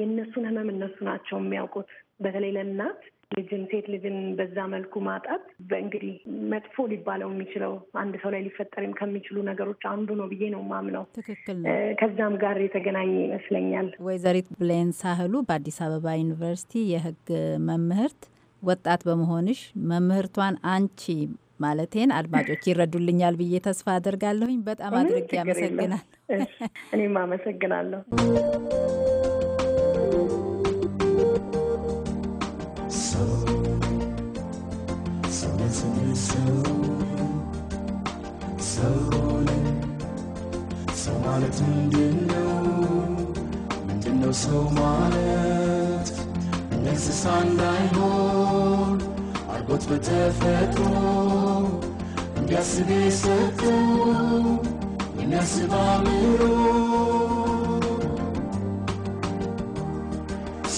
የእነሱን ህመም እነሱ ናቸው የሚያውቁት። በተለይ ለእናት ልጅን ሴት ልጅን በዛ መልኩ ማጣት በእንግዲህ መጥፎ ሊባለው የሚችለው አንድ ሰው ላይ ሊፈጠርም ከሚችሉ ነገሮች አንዱ ነው ብዬ ነው ማምነው። ትክክል ነው። ከዛም ጋር የተገናኘ ይመስለኛል። ወይዘሪት ብሌን ሳህሉ በአዲስ አበባ ዩኒቨርሲቲ የህግ መምህርት፣ ወጣት በመሆንሽ መምህርቷን አንቺ ማለቴን አድማጮች ይረዱልኛል ብዬ ተስፋ አደርጋለሁኝ። በጣም አድርጌ አመሰግናለሁ። እኔም አመሰግናለሁ። ማለት ምንድነው? ምንድነው ሰው ማለት እንስሳ እንዳይሆን አርጎት በተፈጥሮ እንዲያስብ የሰጠው የሚያስብ አምሮ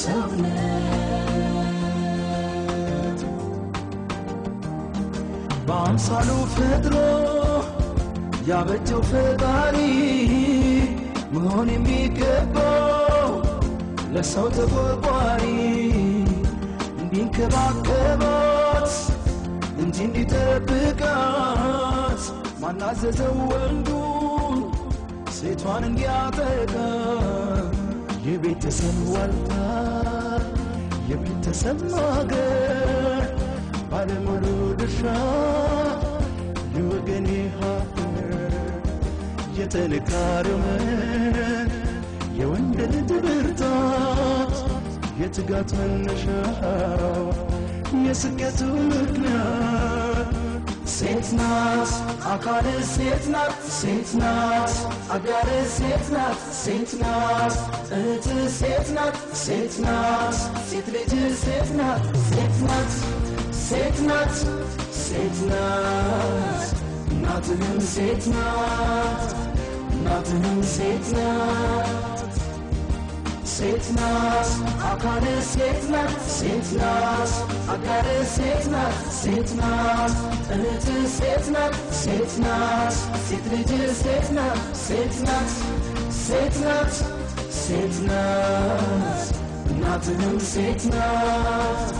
ሰውነት በአምሳሉ ፈጥሮ ያበጀው ፈጣሪ መሆን የሚገባው ለሰው ተቆርቋሪ እንዲንከባከባት እንጂ እንዲጠብቃት ማናዘዘው ወንዱ ሴቷን እንዲያጠቃ የቤተሰብ ዋልታ የቤተሰብ ማገር ባለሙሉ ድርሻ የወገኔ ሀብት የተንካርመን የወንደድ ብርታት የትጋት መነሻው የስኬቱ ምክንያት ሴት ናት አካል ሴት ናት ሴት ናት አጋር ሴት ናት ሴት ናት እህት ሴት ናት ሴት ናት ሴት ልጅ ሴት ናት ሴት ናት ሴት ናት ሴት ናት እናትህም ሴት ናት Nothing saves not Saves not I got it saves not Saves not I got it saves not Saves not It is saves not Saves not It is saves not Saves not Saves not Saves not Nothing saves not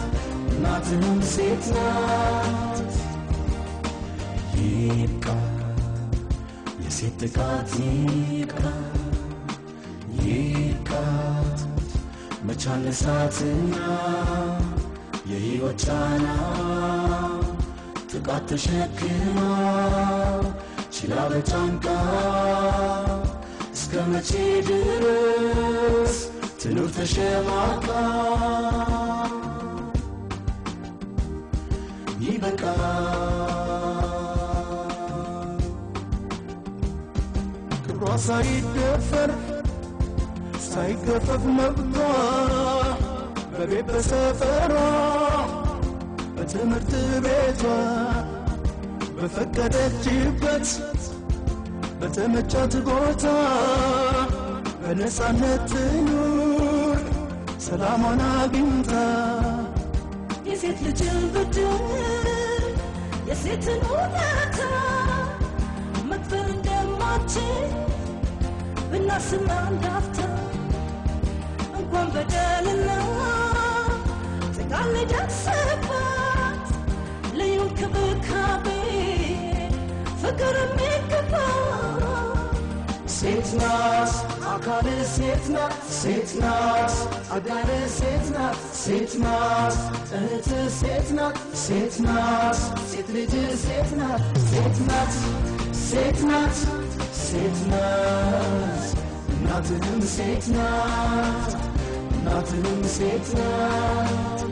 Nothing saves not ጥቃት ይብቃ ይብቃት መቻለ እሳትና የሕይወት ጫና ጥቃት ተሸክማ ችላ በጫንቃ እስከ መቼ ድረስ ትኑር ተሸማቃ ይበቃል ሳይደፈር ሳይገፈፍ መብቷ በቤት በሰፈሯ በትምህርት ቤቷ በፈቀደችበት በተመቻት ቦታ በነፃነት ትኑር ሰላሟን አግኝታ የሴት ልጅን ብድር የሴትን ውለታ መክፈል እንደማችል ላስና እንዳፍታ እንኳን በደልና ጥቃት ሊደርስባት ልዩ እንክብካቤ ፍቅር የሚገባ ሴት ናት አካል ሴት ናት ሴት ናት አጋር ሴት ናት ሴት ናት እህት ሴት ናት ሴት ናት ሴት ልጅ ሴት ናት ሴት ናት ሴት ናት ሴትናት እናትህም ሴትናት እናትህም ሴትናት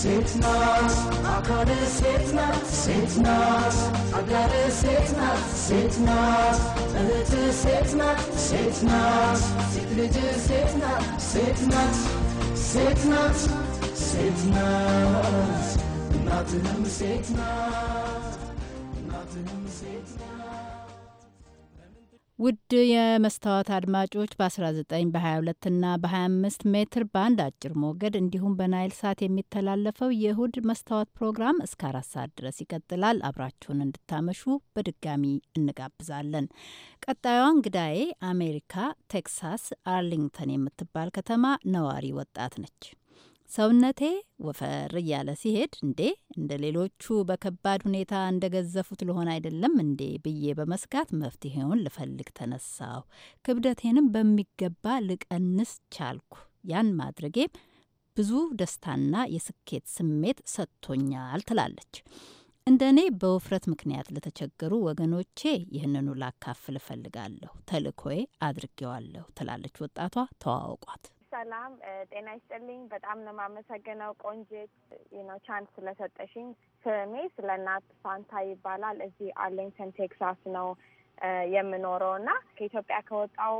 ሴትናት አካለ ሴትናት ሴትናት አጋረ ሴትናት ሴትናት እህት ሴትናት ሴትናት ሴት ልጅ ሴትናት ሴትናት ሴትናት ሴትናት እናትህም ሴትናት ውድ የመስታወት አድማጮች በ19 በ22 እና በ25 ሜትር ባንድ አጭር ሞገድ እንዲሁም በናይል ሳት የሚተላለፈው የእሁድ መስታወት ፕሮግራም እስከ አራት ሰዓት ድረስ ይቀጥላል። አብራችሁን እንድታመሹ በድጋሚ እንጋብዛለን። ቀጣዩዋ እንግዳዬ አሜሪካ ቴክሳስ አርሊንግተን የምትባል ከተማ ነዋሪ ወጣት ነች። ሰውነቴ ወፈር እያለ ሲሄድ እንዴ እንደ ሌሎቹ በከባድ ሁኔታ እንደ ገዘፉት ልሆን አይደለም እንዴ ብዬ በመስጋት መፍትሄውን ልፈልግ ተነሳሁ። ክብደቴንም በሚገባ ልቀንስ ቻልኩ። ያን ማድረጌም ብዙ ደስታና የስኬት ስሜት ሰጥቶኛል ትላለች። እንደ እኔ በውፍረት ምክንያት ለተቸገሩ ወገኖቼ ይህንኑ ላካፍል እፈልጋለሁ። ተልእኮዬ አድርጌዋለሁ ትላለች ወጣቷ። ተዋውቋት። ሰላም ጤና ይስጥልኝ። በጣም ነው የማመሰግነው ቆንጅት ነው ቻንስ ስለሰጠሽኝ። ስሜ ስለ እናት ፋንታ ይባላል። እዚህ አርሊንግተን ቴክሳስ ነው የምኖረው እና ከኢትዮጵያ ከወጣው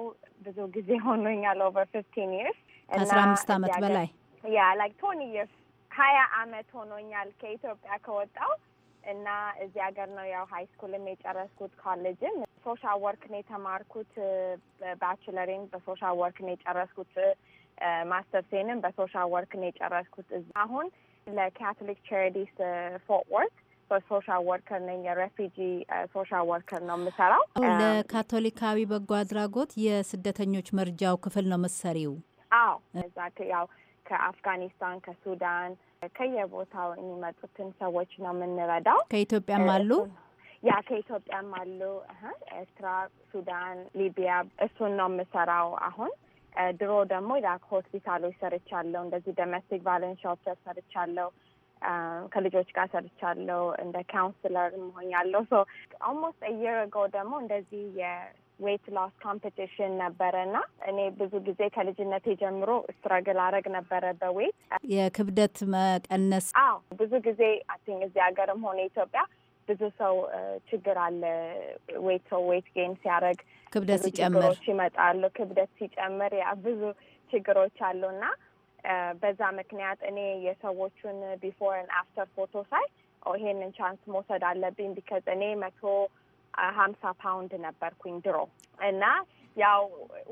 ብዙ ጊዜ ሆኖኛል። ኦቨር ፊፍቲን ይርስ አስራ አምስት አመት በላይ ያ ላይክ ቶኒ ይርስ ሀያ አመት ሆኖኛል ከኢትዮጵያ ከወጣው እና እዚህ ሀገር ነው ያው ሀይ ስኩልም የጨረስኩት ኮሌጅም ሶሻል ወርክ ነው የተማርኩት። ባችለሪን በሶሻል ወርክ ነው የጨረስኩት። ማስተርሴንም በሶሻል ወርክ ነው የጨረስኩት። አሁን ለካቶሊክ ቻሪቲስ ፎርት ወርክ በሶሻል ወርከር ነኝ። የሬፊጂ ሶሻል ወርከር ነው የምሰራው። ለካቶሊካዊ በጎ አድራጎት የስደተኞች መርጃው ክፍል ነው መሰሪው። አዎ እዛ ያው ከአፍጋኒስታን ከሱዳን ከየቦታው የሚመጡትን ሰዎች ነው የምንረዳው። ከኢትዮጵያም አሉ ያ ከኢትዮጵያም አሉ፣ ኤርትራ፣ ሱዳን፣ ሊቢያ እሱን ነው የምሰራው አሁን ድሮ ደግሞ ላክ ሆስፒታሎች ሰርቻለሁ። እንደዚህ ዶሜስቲክ ቫለንስ ሸልተር ሰርቻለሁ። ከልጆች ጋር ሰርቻለሁ። እንደ ካውንስለር መሆኛለሁ። ሶ ኦልሞስት አየር ጎ ደግሞ እንደዚህ የዌት ሎስ ኮምፒቲሽን ነበረ እና እኔ ብዙ ጊዜ ከልጅነቴ ጀምሮ ስትረግል አረግ ነበረ በዌት የክብደት መቀነስ። አዎ ብዙ ጊዜ አይ ቲንክ እዚህ ሀገርም ሆነ ኢትዮጵያ ብዙ ሰው ችግር አለ። ዌት ሰው ዌት ጌን ሲያደርግ ክብደት ሲጨምር ይመጣሉ። ክብደት ሲጨምር ያ ብዙ ችግሮች እና በዛ ምክንያት እኔ የሰዎቹን ን አፍተር ፎቶ ሳይ ይሄንን ቻንስ መውሰድ አለብኝ ቢከዝ እኔ መቶ ሀምሳ ፓውንድ ነበርኩኝ ድሮ እና ያው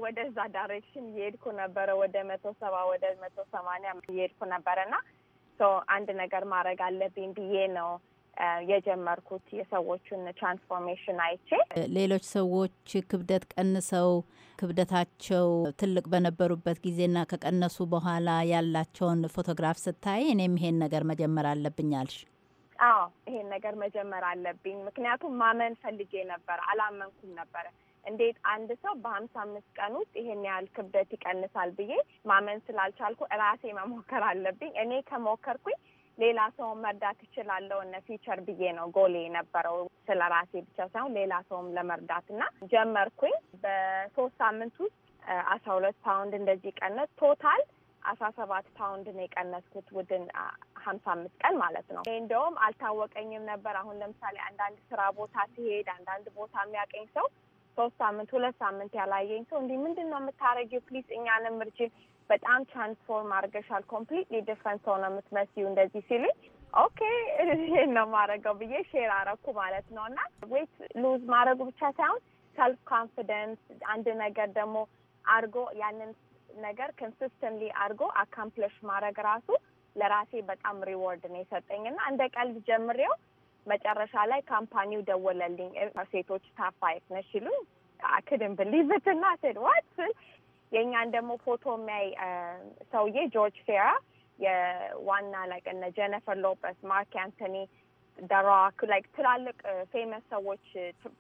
ወደዛ ዳይሬክሽን እየሄድኩ ነበረ ወደ መቶ ሰባ ወደ መቶ ሰማንያ እየሄድኩ ነበረ እና አንድ ነገር ማድረግ አለብኝ ብዬ ነው የጀመርኩት የሰዎቹን ትራንስፎርሜሽን አይቼ ሌሎች ሰዎች ክብደት ቀንሰው ክብደታቸው ትልቅ በነበሩበት ጊዜና ከቀነሱ በኋላ ያላቸውን ፎቶግራፍ ስታይ እኔም ይሄን ነገር መጀመር አለብኝ አልሽ? አዎ ይሄን ነገር መጀመር አለብኝ። ምክንያቱም ማመን ፈልጌ ነበር፣ አላመንኩም ነበረ። እንዴት አንድ ሰው በሀምሳ አምስት ቀን ውስጥ ይሄን ያህል ክብደት ይቀንሳል ብዬ ማመን ስላልቻልኩ ራሴ መሞከር አለብኝ። እኔ ከሞከርኩኝ ሌላ ሰውን መርዳት እነ ፊቸር ብዬ ነው ጎሌ የነበረው ስለ ራሴ ብቻ ሳይሆን ሌላ ሰውም ለመርዳት እና ጀመርኩኝ። በሶስት ሳምንት ውስጥ አስራ ሁለት ፓውንድ እንደዚህ ቀነስ ቶታል አስራ ሰባት ፓውንድ ነው የቀነስኩት ውድን ሀምሳ አምስት ቀን ማለት ነው። ይህ እንደውም አልታወቀኝም ነበር። አሁን ለምሳሌ አንዳንድ ስራ ቦታ ሲሄድ አንዳንድ ቦታ የሚያቀኝ ሰው ሶስት ሳምንት ሁለት ሳምንት ያላየኝ ሰው እንዲህ ምንድን ነው የምታረጊው? ፕሊስ እኛንም እርጅን በጣም ትራንስፎርም አድርገሻል፣ ኮምፕሊትሊ ዲፍረንት ሆነ የምትመስዩ እንደዚህ ሲሉኝ ኦኬ ይሄን ነው ማድረገው ብዬ ሼር አረኩ ማለት ነው። እና ዌት ሉዝ ማድረጉ ብቻ ሳይሆን ሰልፍ ኮንፊደንስ አንድ ነገር ደግሞ አድርጎ ያንን ነገር ኮንሲስተንትሊ አድርጎ አካምፕሊሽ ማድረግ ራሱ ለራሴ በጣም ሪዋርድ ነው የሰጠኝ እና እንደ ቀልድ ጀምሬው መጨረሻ ላይ ካምፓኒው ደወለልኝ። ሴቶች ታፋይት ነሽ ይሉኝ ክድን ብሊቭት እና ስል ዋት ስል የእኛን ደግሞ ፎቶ የሚያይ ሰውዬ ጆርጅ ፌራ የዋና ላይክ እነ ጀነፈር ሎፐስ፣ ማርክ አንቶኒ፣ ደሮክ ላይክ ትላልቅ ፌመስ ሰዎች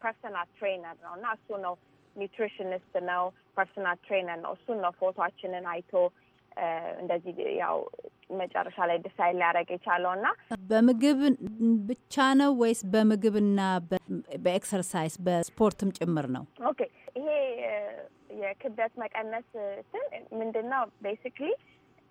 ፐርሰናል ትሬነር ነው እና እሱ ነው ኒውትሪሽንስት ነው ፐርሰናል ትሬነር ነው። እሱን ነው ፎቶችንን አይቶ እንደዚህ ያው መጨረሻ ላይ ድሳይ ሊያደርግ የቻለው እና በምግብ ብቻ ነው ወይስ በምግብና በኤክሰርሳይዝ በስፖርትም ጭምር ነው? ኦኬ ይሄ የክብደት መቀነስ ስል ምንድን ነው ቤሲክሊ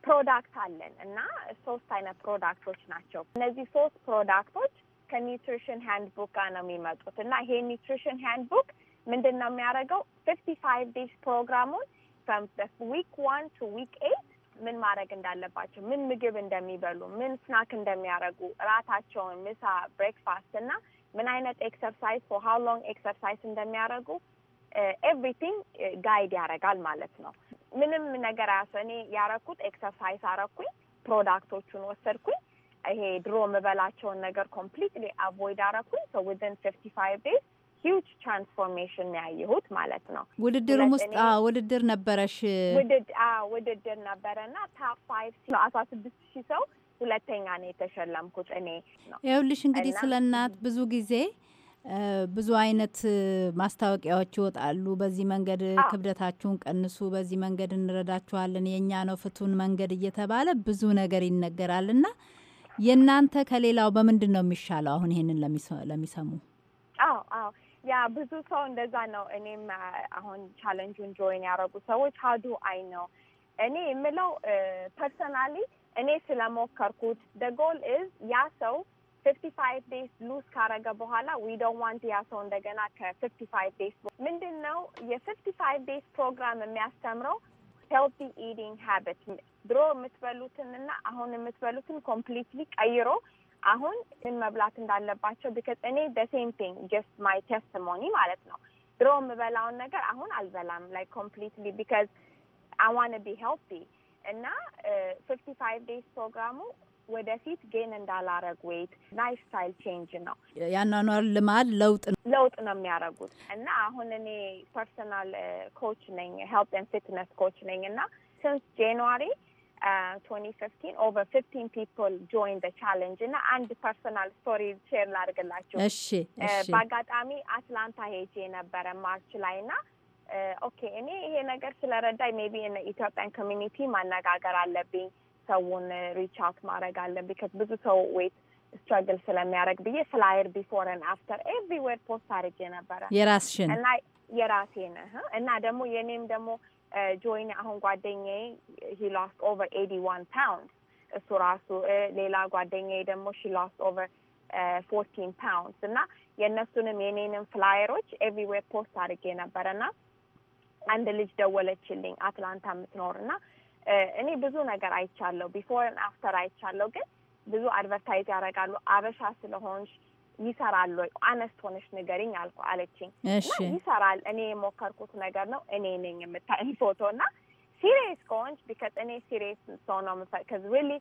ፕሮዳክት አለን እና ሶስት አይነት ፕሮዳክቶች ናቸው። እነዚህ ሶስት ፕሮዳክቶች ከኒውትሪሽን ሃንድ ቡክ ጋር ነው የሚመጡት እና ይሄ ኒውትሪሽን ሃንድ ቡክ ምንድን ነው የሚያደርገው ፊፍቲ ፋይቭ ዴይዝ ፕሮግራሙን ዊክ ዋን ቱ ዊክ ኤይት ምን ማድረግ እንዳለባቸው፣ ምን ምግብ እንደሚበሉ፣ ምን ስናክ እንደሚያደርጉ፣ እራታቸውን፣ ምሳ፣ ብሬክፋስት እና ምን አይነት ኤክሰርሳይዝ ፎር ሀው ሎንግ ኤክሰርሳይዝ እንደሚያደርጉ ኤቭሪቲንግ ጋይድ uh, ያደርጋል ማለት ነው። ምንም ነገር አያሰ እኔ ያረኩት ኤክሰርሳይዝ አረኩኝ፣ ፕሮዳክቶቹን ወሰድኩኝ፣ ይሄ ድሮ የምበላቸውን ነገር ኮምፕሊትሊ አቮይድ አረኩኝ። ሶ ዊዝን ፊፍቲ ፋይቭ ዴይዝ ሂውጅ ትራንስፎርሜሽን ያየሁት ማለት ነው። ውድድርም ውስጥ ውድድር ነበረሽ? ውድድር ነበረ እና ታፕ ፋይቭ አስራ ስድስት ሺህ ሰው ሁለተኛ ነው የተሸለምኩት እኔ ነው። ይኸውልሽ እንግዲህ ስለ እናት ብዙ ጊዜ ብዙ አይነት ማስታወቂያዎች ይወጣሉ። በዚህ መንገድ ክብደታችሁን ቀንሱ፣ በዚህ መንገድ እንረዳችኋለን፣ የእኛ ነው ፍቱን መንገድ እየተባለ ብዙ ነገር ይነገራል እና የእናንተ ከሌላው በምንድን ነው የሚሻለው? አሁን ይሄንን ለሚሰሙ አዎ አዎ ያ ብዙ ሰው እንደዛ ነው። እኔም አሁን ቻለንጁን ጆይን ያደረጉ ሰዎች ሀዱ አይ ነው እኔ የምለው ፐርሰናሊ እኔ ስለሞከርኩት ደጎል ኢዝ ያ ሰው ፊፍቲ ፋይቭ ዴይስ ሉዝ ካረገ በኋላ ዊ ዶን ዋንት ያ ሰው እንደገና ከፊፍቲ ፋይቭ ዴይስ ምንድን ነው የፊፍቲ ፋይቭ ዴይስ ፕሮግራም የሚያስተምረው ሄልቲ ኢዲንግ ሀቢት ድሮ የምትበሉትን የምትበሉትንና አሁን የምትበሉትን ኮምፕሊትሊ ቀይሮ አሁን ምን መብላት እንዳለባቸው ቢከዝ እኔ በሴም ቲንግ ጀስት ማይ ቴስቲሞኒ ማለት ነው። ድሮ የምበላውን ነገር አሁን አልበላም ላይ ኮምፕሊትሊ ቢካዝ አዋን ቢ ሄልቲ እና ፊፍቲ ፋይቭ ዴይስ ፕሮግራሙ ወደፊት ጌን እንዳላረግ ዌይት ላይፍ ስታይል ቼንጅ ነው ያኗኗር ልማድ ለውጥ ለውጥ ነው የሚያደርጉት እና አሁን እኔ ፐርሰናል ኮች uh, ነኝ ሄልት ን ፊትነስ ኮች ነኝ እና ሲንስ ጃንዋሪ 2015 ኦቨር 15 ፒፕል ጆይን ደ እና አንድ ፐርሰናል ስቶሪ ሼር ላድርግላችሁ። uh, እሺ። በአጋጣሚ አትላንታ ሄጄ የነበረ ማርች ላይ እና ኦኬ uh, እኔ ይሄ ነገር ስለረዳኝ ሜቢ ኢትዮጵያን ኮሚኒቲ ማነጋገር አለብኝ ሰውን ሪች አውት ማድረግ አለን። ቢካዝ ብዙ ሰው ዌት ስትራግል ስለሚያደርግ ብዬ ፍላየር ን አፍተር ኤቭሪዌር ፖስት አድርጌ ነበረ የራስሽን እና የራሴን እና ደግሞ የኔም ደግሞ ጆይን አሁን ጓደኛዬ ሂ ሎስት ኦቨር ኤዲ ዋን ፓውንድ እሱ ራሱ ሌላ ጓደኛዬ ደግሞ ሺ ሎስት ኦቨር ፎርቲን ፓውንድ እና የእነሱንም የኔንም ፍላየሮች ኤቭሪዌር ፖስት አድርጌ ነበረ እና አንድ ልጅ ደወለችልኝ አትላንታ የምትኖር እና እኔ ብዙ ነገር አይቻለሁ፣ ቢፎር ን አፍተር አይቻለሁ። ግን ብዙ አድቨርታይዝ ያደርጋሉ። አበሻ ስለሆንሽ ይሰራል ወይ አነስት ሆነሽ ንገሪኝ አልኩ አለችኝ። ይሰራል። እኔ የሞከርኩት ነገር ነው። እኔ ነኝ የምታይ ፎቶ እና ሲሪየስ ከሆንች ቢከዝ እኔ ሲሪየስ ሰው ነው ምፈ ከዚ ሪሊ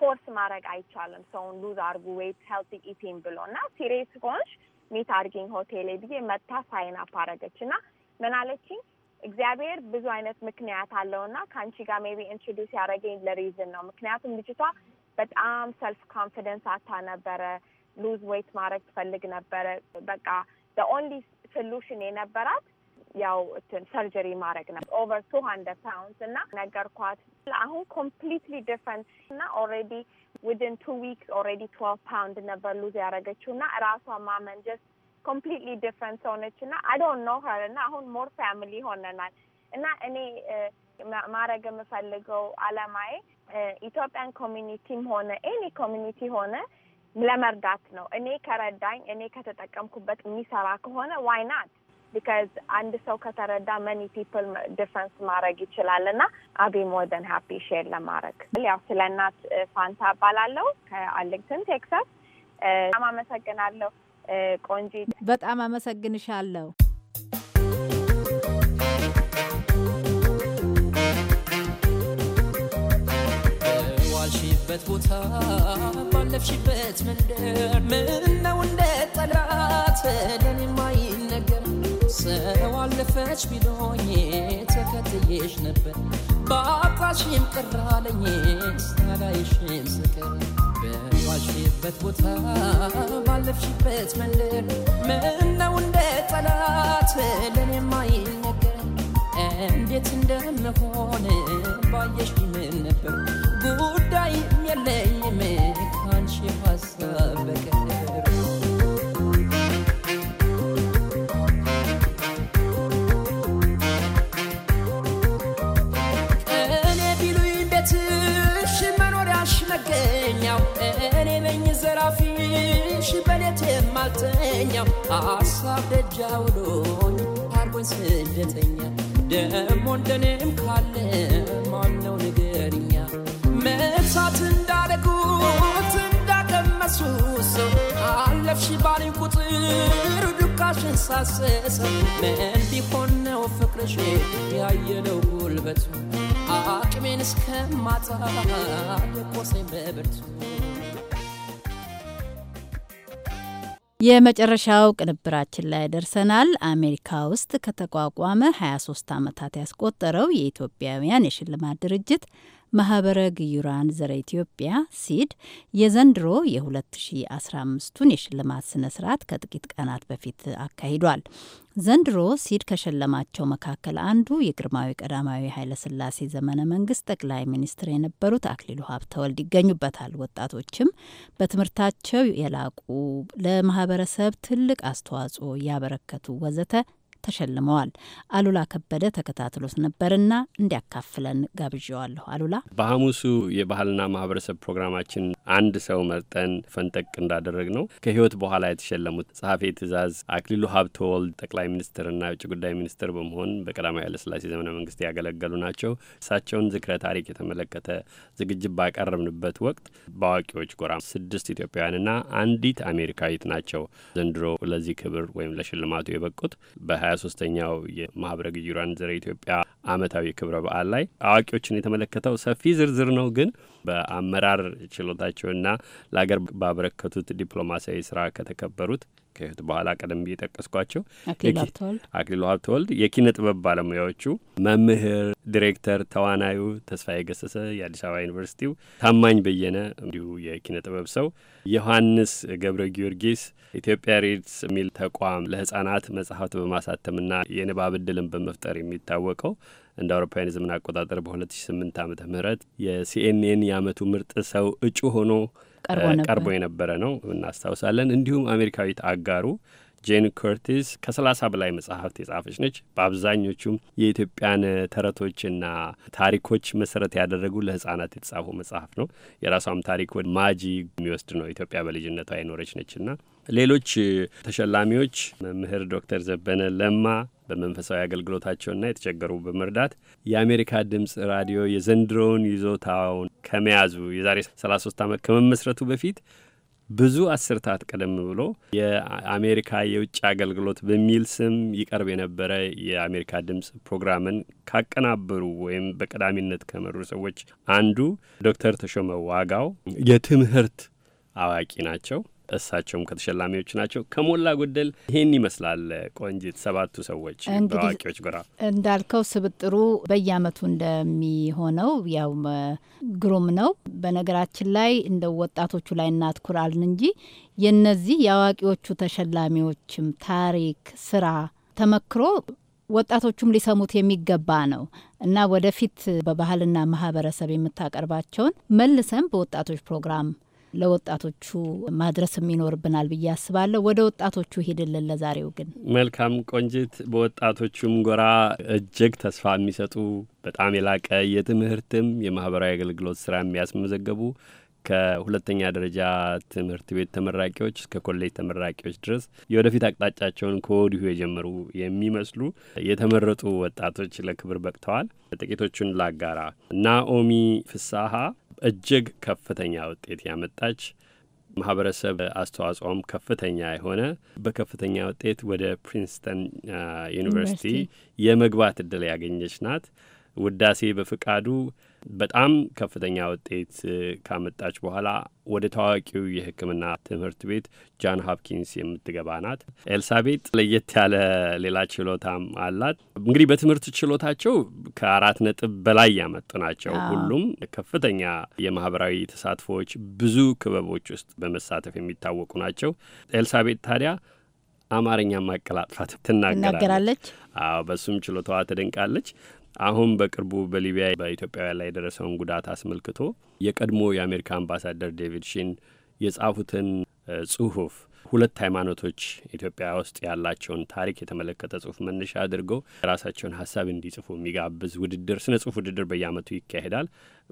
ፎርስ ማድረግ አይቻልም። ሰውን ሉዝ አርጉ ዌይት ሄልቲ ኢቲንግ ብሎ እና ሲሪየስ ከሆንች ሚት አርጊኝ ሆቴሌ ብዬ መታ ሳይን አፕ አረገች እና ምን አለችኝ እግዚአብሔር ብዙ አይነት ምክንያት አለው እና ከአንቺ ጋር ሜቢ ኢንትሮዲውስ ያደረገኝ ለሪዝን ነው። ምክንያቱም ልጅቷ በጣም ሰልፍ ኮንፊደንስ አታ ነበረ፣ ሉዝ ዌይት ማድረግ ትፈልግ ነበረ። በቃ ኦንሊ ሶሉሽን የነበራት ያው እንትን ሰርጀሪ ማድረግ ነበር። ኦቨር ቱ ሀንድረድ ፓውንድ እና ነገርኳት። አሁን ኮምፕሊትሊ ዲፍረንት እና ኦልሬዲ ዊድን ቱ ዊክስ ኦልሬዲ ትዌልቭ ፓውንድ ነበር ሉዝ ያደረገችው እና ራሷ ማመን ጀስት ኮምፕሊትሊ ዲፍረንት ሆነች እና አይ ዶንት ኖ ሀር እና አሁን ሞር ፋሚሊ ሆነናል እና እኔ ማድረግ የምፈልገው አላማዬ ኢትዮጵያን ኮሚኒቲም ሆነ ኤኒ ኮሚኒቲ ሆነ ለመርዳት ነው። እኔ ከረዳኝ፣ እኔ ከተጠቀምኩበት የሚሰራ ከሆነ ዋይ ናት ቢካዝ አንድ ሰው ከተረዳ መኒ ፒፕል ዲፍረንስ ማድረግ ይችላል እና አቤ ሞደን ሀፒ ሼር ለማድረግ ያው ስለ እናት ፋንታ እባላለሁ ከአርሊንግተን ቴክሳስ። በጣም አመሰግናለሁ። ቆንጂ፣ በጣም አመሰግንሻለሁ። ዋልሽበት ቦታ ባለፍሽበት መንደር ምነው እንደ ጠላት ለኔማ ይነገር ሰው አለፈች ቢሎኝ ተከትዬሽ ነበር ባጣሽም ቅራለኝ ስታላይሽም ስቀር በዋልሽበት ቦታ ባለፍሽበት መንደር ምነው እንደ ጠላት ለኔ የማይነገር እንዴት እንደምሆን ባየሽ ምን ነበር ጉዳይም የለኝም ካንቺ ሀሳብ በቀር አልተኛው አሳብ ደጃ ውሎኝ አርጎኝ ስደተኛ ደሞ እንደኔም ካለ ማነው ንገርኛ መሳት እንዳደጉት እንዳቀመሱ ሰው አለፍሽ ባሪ ቁጥር ዱካሽን ሳሰሰው ምን ቢሆን ነው ፍቅርሽ ያየለው ጉልበቱ አቅሜን እስከማጣ ደቆሰኝ በብርቱ የመጨረሻው ቅንብራችን ላይ ደርሰናል። አሜሪካ ውስጥ ከተቋቋመ 23 ዓመታት ያስቆጠረው የኢትዮጵያውያን የሽልማት ድርጅት ማህበረ ግዩራን ዘረ ኢትዮጵያ ሲድ የዘንድሮ የ2015ቱን የሽልማት ስነ ስርዓት ከጥቂት ቀናት በፊት አካሂዷል። ዘንድሮ ሲድ ከሸለማቸው መካከል አንዱ የግርማዊ ቀዳማዊ ኃይለስላሴ ዘመነ መንግስት ጠቅላይ ሚኒስትር የነበሩት አክሊሉ ሀብተወልድ ይገኙበታል። ወጣቶችም በትምህርታቸው የላቁ ለማህበረሰብ ትልቅ አስተዋጽኦ ያበረከቱ ወዘተ ተሸልመዋል። አሉላ ከበደ ተከታትሎት ነበርና እንዲያካፍለን ጋብዣዋለሁ። አሉላ በሐሙሱ የባህልና ማህበረሰብ ፕሮግራማችን አንድ ሰው መርጠን ፈንጠቅ እንዳደረግ ነው ከህይወት በኋላ የተሸለሙት ጸሐፌ ትእዛዝ አክሊሉ ሀብተወልድ ጠቅላይ ሚኒስትርና የውጭ ጉዳይ ሚኒስትር በመሆን በቀዳማዊ ኃይለስላሴ ዘመነ መንግስት ያገለገሉ ናቸው። እሳቸውን ዝክረ ታሪክ የተመለከተ ዝግጅት ባቀረብንበት ወቅት በአዋቂዎች ጎራ ስድስት ኢትዮጵያውያንና አንዲት አሜሪካዊት ናቸው ዘንድሮ ለዚህ ክብር ወይም ለሽልማቱ የበቁት በሀያ ሀያ ሶስተኛው የማህበረ ግዩራን ዘረ ኢትዮጵያ አመታዊ ክብረ በዓል ላይ አዋቂዎችን የተመለከተው ሰፊ ዝርዝር ነው። ግን በአመራር ችሎታቸውና ለሀገር ባበረከቱት ዲፕሎማሲያዊ ስራ ከተከበሩት ከህት በኋላ ቀደም ብዬ ጠቀስኳቸው አክሊሉ ሀብተወልድ የኪነ ጥበብ ባለሙያዎቹ መምህር፣ ዲሬክተር፣ ተዋናዩ ተስፋዬ ገሰሰ የአዲስ አበባ ዩኒቨርሲቲው፣ ታማኝ በየነ እንዲሁ የኪነ ጥበብ ሰው፣ ዮሐንስ ገብረ ጊዮርጊስ ኢትዮጵያ ሬድስ የሚል ተቋም ለህጻናት መጽሐፍት በማሳተምና የንባብ እድልን በመፍጠር የሚታወቀው እንደ አውሮፓውያን የዘመን አቆጣጠር በ2008 ዓ ምህረት የሲኤንኤን የአመቱ ምርጥ ሰው እጩ ሆኖ ቀርቦ የነበረ ነው እናስታውሳለን። እንዲሁም አሜሪካዊት አጋሩ ጄን ኮርቲስ ከሰላሳ በላይ መጽሐፍት የጻፈች ነች። በአብዛኞቹም የኢትዮጵያን ተረቶችና ታሪኮች መሰረት ያደረጉ ለህጻናት የተጻፉ መጽሐፍ ነው። የራሷም ታሪክ ወደ ማጂ የሚወስድ ነው። ኢትዮጵያ በልጅነቷ የኖረች ነችና ሌሎች ተሸላሚዎች መምህር ዶክተር ዘበነ ለማ በመንፈሳዊ አገልግሎታቸውና የተቸገሩ በመርዳት የአሜሪካ ድምፅ ራዲዮ የዘንድሮውን ይዞታውን ከመያዙ የዛሬ 33 ዓመት ከመመስረቱ በፊት ብዙ አስርታት ቀደም ብሎ የአሜሪካ የውጭ አገልግሎት በሚል ስም ይቀርብ የነበረ የአሜሪካ ድምፅ ፕሮግራምን ካቀናበሩ ወይም በቀዳሚነት ከመሩ ሰዎች አንዱ ዶክተር ተሾመ ዋጋው የትምህርት አዋቂ ናቸው። እሳቸውም ከተሸላሚዎች ናቸው። ከሞላ ጎደል ይህን ይመስላል ቆንጂት። ሰባቱ ሰዎች በአዋቂዎች ጎራ እንዳልከው ስብጥሩ በየአመቱ እንደሚሆነው ያው ግሩም ነው። በነገራችን ላይ እንደ ወጣቶቹ ላይ እናትኩር አልን እንጂ የነዚህ የአዋቂዎቹ ተሸላሚዎችም ታሪክ፣ ስራ፣ ተመክሮ ወጣቶቹም ሊሰሙት የሚገባ ነው እና ወደፊት በባህልና ማህበረሰብ የምታቀርባቸውን መልሰን በወጣቶች ፕሮግራም ለወጣቶቹ ማድረስ የሚኖርብናል ብዬ አስባለሁ። ወደ ወጣቶቹ ሄድልን። ለዛሬው ግን መልካም ቆንጅት፣ በወጣቶቹም ጎራ እጅግ ተስፋ የሚሰጡ በጣም የላቀ የትምህርትም የማህበራዊ አገልግሎት ስራ የሚያስመዘገቡ ከሁለተኛ ደረጃ ትምህርት ቤት ተመራቂዎች እስከ ኮሌጅ ተመራቂዎች ድረስ የወደፊት አቅጣጫቸውን ከወዲሁ የጀመሩ የሚመስሉ የተመረጡ ወጣቶች ለክብር በቅተዋል። ጥቂቶቹን ላጋራ። ናኦሚ ፍሳሀ እጅግ ከፍተኛ ውጤት ያመጣች ማህበረሰብ አስተዋጽኦም ከፍተኛ የሆነ በከፍተኛ ውጤት ወደ ፕሪንስተን ዩኒቨርሲቲ የመግባት እድል ያገኘች ናት። ውዳሴ በፍቃዱ በጣም ከፍተኛ ውጤት ካመጣች በኋላ ወደ ታዋቂው የሕክምና ትምህርት ቤት ጃን ሀፕኪንስ የምትገባ ናት። ኤልሳቤጥ ለየት ያለ ሌላ ችሎታም አላት። እንግዲህ በትምህርት ችሎታቸው ከአራት ነጥብ በላይ ያመጡ ናቸው። ሁሉም ከፍተኛ የማህበራዊ ተሳትፎዎች፣ ብዙ ክበቦች ውስጥ በመሳተፍ የሚታወቁ ናቸው። ኤልሳቤጥ ታዲያ አማርኛ ማቀላጥፋት ትናገራለች። አዎ በሱም ችሎታዋ ትደንቃለች። አሁን በቅርቡ በሊቢያ በኢትዮጵያውያን ላይ የደረሰውን ጉዳት አስመልክቶ የቀድሞ የአሜሪካ አምባሳደር ዴቪድ ሺን የጻፉትን ጽሁፍ ሁለት ሃይማኖቶች ኢትዮጵያ ውስጥ ያላቸውን ታሪክ የተመለከተ ጽሁፍ መነሻ አድርገው የራሳቸውን ሀሳብ እንዲጽፉ የሚጋብዝ ውድድር ስነ ጽሁፍ ውድድር በየአመቱ ይካሄዳል።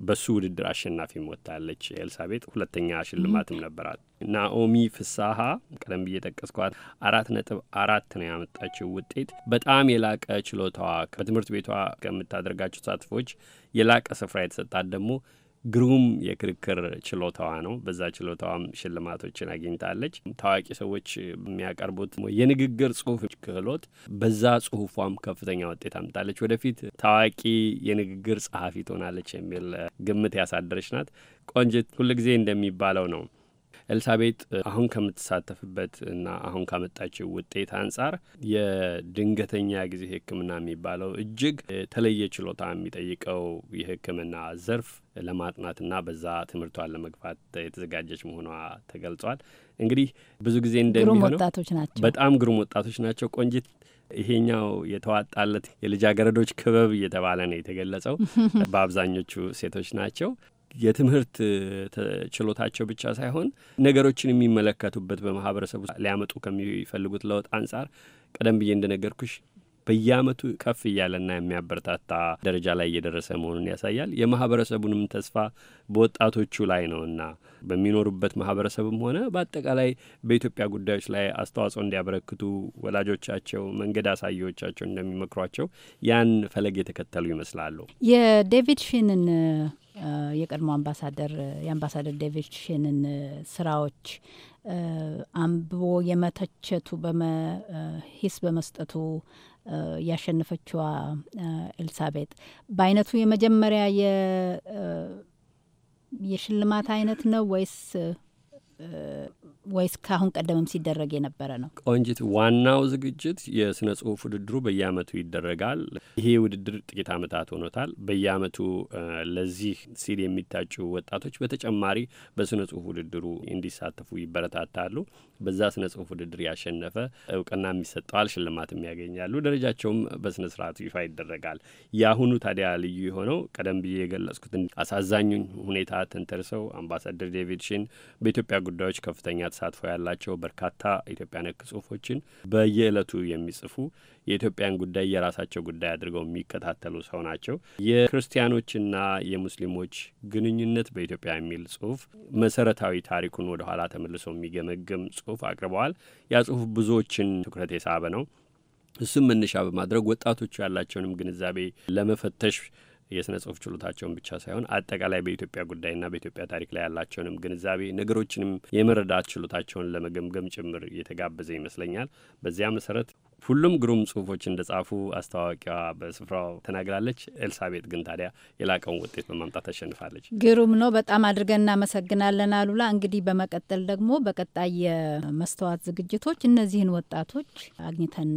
በሱ ውድድር አሸናፊም ወጥታለች ኤልሳቤጥ። ሁለተኛ ሽልማትም ነበራት። ናኦሚ ፍሳሀ ቀደም ብዬ ጠቀስኳት አራት ነጥብ አራት ነው ያመጣችው ውጤት። በጣም የላቀ ችሎታዋ በትምህርት ቤቷ ከምታደርጋቸው ተሳትፎች የላቀ ስፍራ የተሰጣት ደግሞ ግሩም የክርክር ችሎታዋ ነው። በዛ ችሎታዋም ሽልማቶችን አግኝታለች። ታዋቂ ሰዎች የሚያቀርቡት የንግግር ጽሁፍ ክህሎት በዛ ጽሁፏም ከፍተኛ ውጤት አምጣለች። ወደፊት ታዋቂ የንግግር ጸሐፊ ትሆናለች የሚል ግምት ያሳደረች ናት። ቆንጅት ሁልጊዜ እንደሚባለው ነው ኤልሳቤጥ አሁን ከምትሳተፍበት እና አሁን ካመጣችው ውጤት አንጻር የድንገተኛ ጊዜ ሕክምና የሚባለው እጅግ የተለየ ችሎታ የሚጠይቀው የሕክምና ዘርፍ ለማጥናትና በዛ ትምህርቷን ለመግፋት የተዘጋጀች መሆኗ ተገልጿል። እንግዲህ ብዙ ጊዜ እንደሚሆነው በጣም ግሩም ወጣቶች ናቸው። ቆንጂት ይሄኛው የተዋጣለት የልጃገረዶች ክበብ እየተባለ ነው የተገለጸው። በአብዛኞቹ ሴቶች ናቸው። የትምህርት ችሎታቸው ብቻ ሳይሆን ነገሮችን የሚመለከቱበት በማህበረሰቡ ሊያመጡ ከሚፈልጉት ለውጥ አንጻር ቀደም ብዬ እንደነገርኩሽ በየአመቱ ከፍ እያለና የሚያበረታታ ደረጃ ላይ እየደረሰ መሆኑን ያሳያል። የማህበረሰቡንም ተስፋ በወጣቶቹ ላይ ነውና በሚኖሩበት ማህበረሰብም ሆነ በአጠቃላይ በኢትዮጵያ ጉዳዮች ላይ አስተዋጽኦ እንዲያበረክቱ ወላጆቻቸው፣ መንገድ አሳያዎቻቸው እንደሚመክሯቸው ያን ፈለግ የተከተሉ ይመስላሉ። የዴቪድ ሽንን የቀድሞ አምባሳደር የአምባሳደር ዴቪድ ሽንን ስራዎች አንብቦ የመተቸቱ ሂስ በመስጠቱ ያሸነፈችዋ ኤልሳቤጥ በአይነቱ የመጀመሪያ የሽልማት አይነት ነው ወይስ ወይስ ከአሁን ቀደምም ሲደረግ የነበረ ነው? ቆንጂት፣ ዋናው ዝግጅት የስነ ጽሁፍ ውድድሩ በየአመቱ ይደረጋል። ይሄ ውድድር ጥቂት አመታት ሆኖታል። በየአመቱ ለዚህ ሲል የሚታጩ ወጣቶች በተጨማሪ በስነ ጽሁፍ ውድድሩ እንዲሳተፉ ይበረታታሉ። በዛ ስነ ጽሁፍ ውድድር ያሸነፈ እውቅናም ይሰጠዋል፣ ሽልማትም ያገኛሉ። ደረጃቸውም በስነ ስርዓቱ ይፋ ይደረጋል። የአሁኑ ታዲያ ልዩ የሆነው ቀደም ብዬ የገለጽኩትን አሳዛኙን ሁኔታ ተንተርሰው አምባሳደር ዴቪድ ሽን በኢትዮጵያ ጉዳዮች ከፍተኛ ተሳትፎ ያላቸው በርካታ ኢትዮጵያ ነክ ጽሁፎችን በየዕለቱ የሚጽፉ የኢትዮጵያን ጉዳይ የራሳቸው ጉዳይ አድርገው የሚከታተሉ ሰው ናቸው። የክርስቲያኖችና የሙስሊሞች ግንኙነት በኢትዮጵያ የሚል ጽሁፍ መሰረታዊ ታሪኩን ወደ ኋላ ተመልሶ የሚገመግም ጽሁፍ አቅርበዋል። ያ ጽሁፍ ብዙዎችን ትኩረት የሳበ ነው። እሱም መነሻ በማድረግ ወጣቶቹ ያላቸውንም ግንዛቤ ለመፈተሽ የስነ ጽሁፍ ችሎታቸውን ብቻ ሳይሆን አጠቃላይ በኢትዮጵያ ጉዳይና በኢትዮጵያ ታሪክ ላይ ያላቸውንም ግንዛቤ ነገሮችንም የመረዳት ችሎታቸውን ለመገምገም ጭምር እየተጋበዘ ይመስለኛል። በዚያ መሰረት ሁሉም ግሩም ጽሁፎች እንደ ጻፉ አስተዋወቂዋ በስፍራው ተናግራለች። ኤልሳቤጥ ግን ታዲያ የላቀውን ውጤት በማምጣት ተሸንፋለች። ግሩም ነው። በጣም አድርገን እናመሰግናለን አሉላ። እንግዲህ በመቀጠል ደግሞ በቀጣይ የመስተዋት ዝግጅቶች እነዚህን ወጣቶች አግኝተን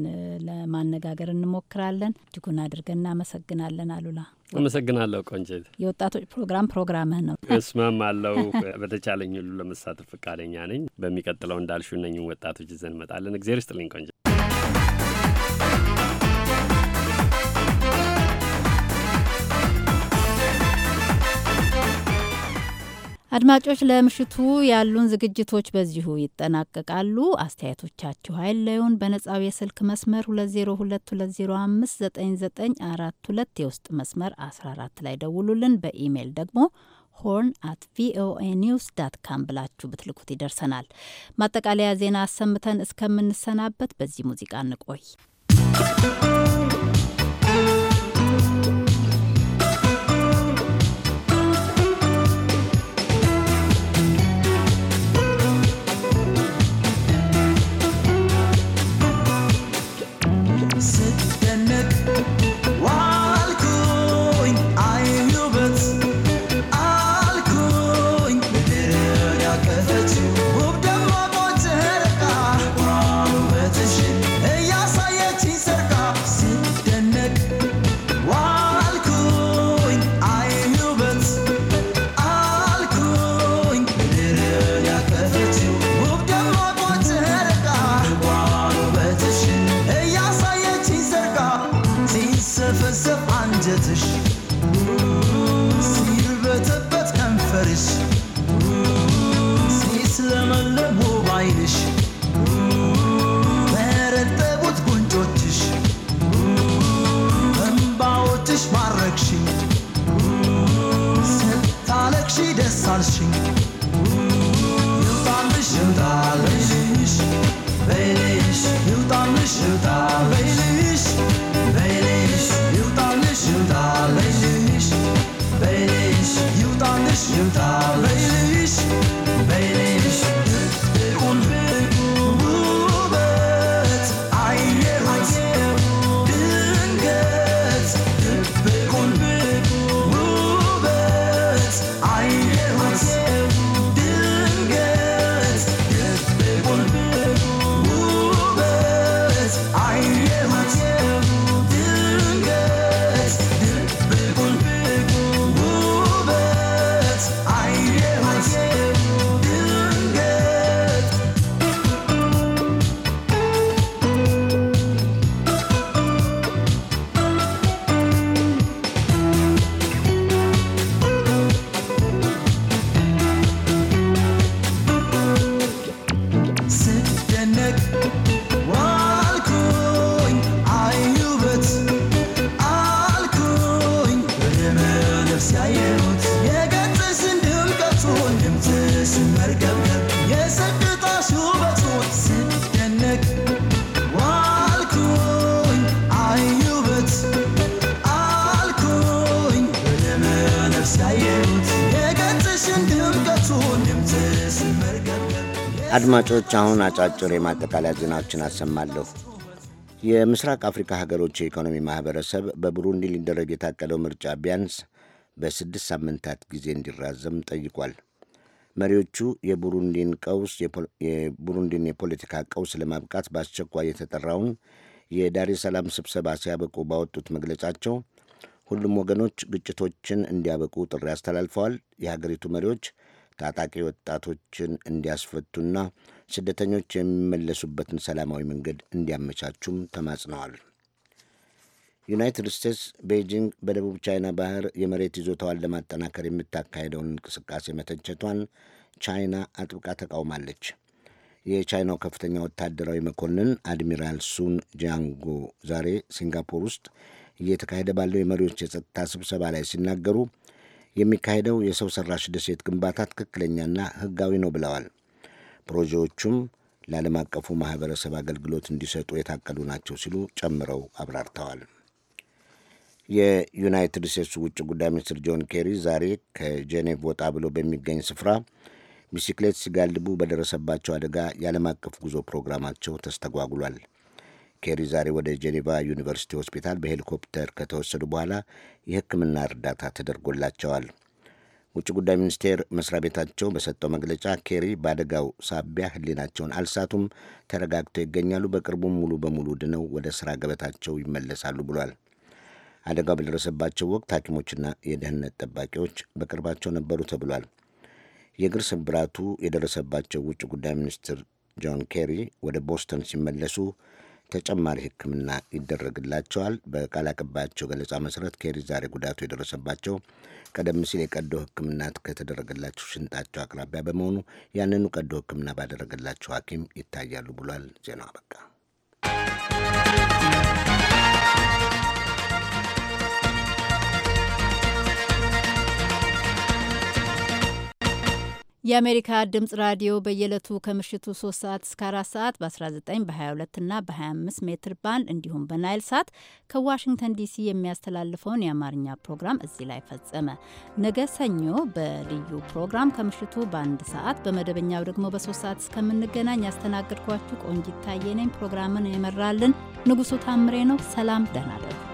ለማነጋገር እንሞክራለን። እጅጉን አድርገን እናመሰግናለን አሉላ። አመሰግናለሁ ቆንጅት። የወጣቶች ፕሮግራም ፕሮግራምህ ነው። እስማማለሁ። በተቻለኝ ሁሉ ለመሳተፍ ፈቃደኛ ነኝ። በሚቀጥለው እንዳልሹ እነኝን ወጣቶች ይዘን እንመጣለን። እግዜር ይስጥልኝ ቆንጅት። አድማጮች ለምሽቱ ያሉን ዝግጅቶች በዚሁ ይጠናቀቃሉ። አስተያየቶቻችሁ ኃይል ላዩን በነጻው የስልክ መስመር 2022059942 የውስጥ መስመር 14 ላይ ደውሉልን። በኢሜይል ደግሞ ሆርን አት ቪኦኤ ኒውስ ዳት ካም ብላችሁ ብትልኩት ይደርሰናል። ማጠቃለያ ዜና አሰምተን እስከምንሰናበት በዚህ ሙዚቃ እንቆይ። አድማጮች፣ አሁን አጫጭር የማጠቃለያ ዜናዎችን አሰማለሁ። የምስራቅ አፍሪካ ሀገሮች የኢኮኖሚ ማህበረሰብ በቡሩንዲ ሊደረግ የታቀደው ምርጫ ቢያንስ በስድስት ሳምንታት ጊዜ እንዲራዘም ጠይቋል። መሪዎቹ የቡሩንዲን ቀውስ የቡሩንዲን የፖለቲካ ቀውስ ለማብቃት በአስቸኳይ የተጠራውን የዳሬ ሰላም ስብሰባ ሲያበቁ ባወጡት መግለጫቸው ሁሉም ወገኖች ግጭቶችን እንዲያበቁ ጥሪ አስተላልፈዋል። የሀገሪቱ መሪዎች ታጣቂ ወጣቶችን እንዲያስፈቱና ስደተኞች የሚመለሱበትን ሰላማዊ መንገድ እንዲያመቻቹም ተማጽነዋል። ዩናይትድ ስቴትስ ቤጂንግ በደቡብ ቻይና ባህር የመሬት ይዞታዋን ለማጠናከር የምታካሄደውን እንቅስቃሴ መተቸቷን ቻይና አጥብቃ ተቃውማለች። የቻይናው ከፍተኛ ወታደራዊ መኮንን አድሚራል ሱን ጃንጎ ዛሬ ሲንጋፖር ውስጥ እየተካሄደ ባለው የመሪዎች የጸጥታ ስብሰባ ላይ ሲናገሩ የሚካሄደው የሰው ሰራሽ ደሴት ግንባታ ትክክለኛና ሕጋዊ ነው ብለዋል። ፕሮጀዎቹም ለዓለም አቀፉ ማህበረሰብ አገልግሎት እንዲሰጡ የታቀዱ ናቸው ሲሉ ጨምረው አብራርተዋል። የዩናይትድ ስቴትስ ውጭ ጉዳይ ሚኒስትር ጆን ኬሪ ዛሬ ከጄኔቭ ወጣ ብሎ በሚገኝ ስፍራ ቢሲክሌት ሲጋልቡ በደረሰባቸው አደጋ የዓለም አቀፍ ጉዞ ፕሮግራማቸው ተስተጓጉሏል። ኬሪ ዛሬ ወደ ጄኔቫ ዩኒቨርሲቲ ሆስፒታል በሄሊኮፕተር ከተወሰዱ በኋላ የሕክምና እርዳታ ተደርጎላቸዋል። ውጭ ጉዳይ ሚኒስቴር መስሪያ ቤታቸው በሰጠው መግለጫ ኬሪ በአደጋው ሳቢያ ህሊናቸውን አልሳቱም፣ ተረጋግተው ይገኛሉ፣ በቅርቡም ሙሉ በሙሉ ድነው ወደ ሥራ ገበታቸው ይመለሳሉ ብሏል። አደጋው በደረሰባቸው ወቅት ሐኪሞችና የደህንነት ጠባቂዎች በቅርባቸው ነበሩ ተብሏል። የእግር ስብራቱ የደረሰባቸው ውጭ ጉዳይ ሚኒስትር ጆን ኬሪ ወደ ቦስተን ሲመለሱ ተጨማሪ ሕክምና ይደረግላቸዋል። በቃል አቀባያቸው ገለጻ መሰረት ኬሪ ዛሬ ጉዳቱ የደረሰባቸው ቀደም ሲል የቀዶ ሕክምና ከተደረገላቸው ሽንጣቸው አቅራቢያ በመሆኑ ያንኑ ቀዶ ሕክምና ባደረገላቸው ሐኪም ይታያሉ ብሏል። ዜናው አበቃ። የአሜሪካ ድምጽ ራዲዮ በየዕለቱ ከምሽቱ 3 ሰዓት እስከ 4 ሰዓት በ19 በ22 እና በ25 ሜትር ባንድ እንዲሁም በናይል ሳት ከዋሽንግተን ዲሲ የሚያስተላልፈውን የአማርኛ ፕሮግራም እዚህ ላይ ፈጸመ። ነገ ሰኞ በልዩ ፕሮግራም ከምሽቱ በአንድ ሰዓት በመደበኛው ደግሞ በ3 ሰዓት እስከምንገናኝ ያስተናገድኳችሁ ቆንጂት ታየ ነኝ። ፕሮግራምን የመራልን ንጉሱ ታምሬ ነው። ሰላም፣ ደህና ደሩ።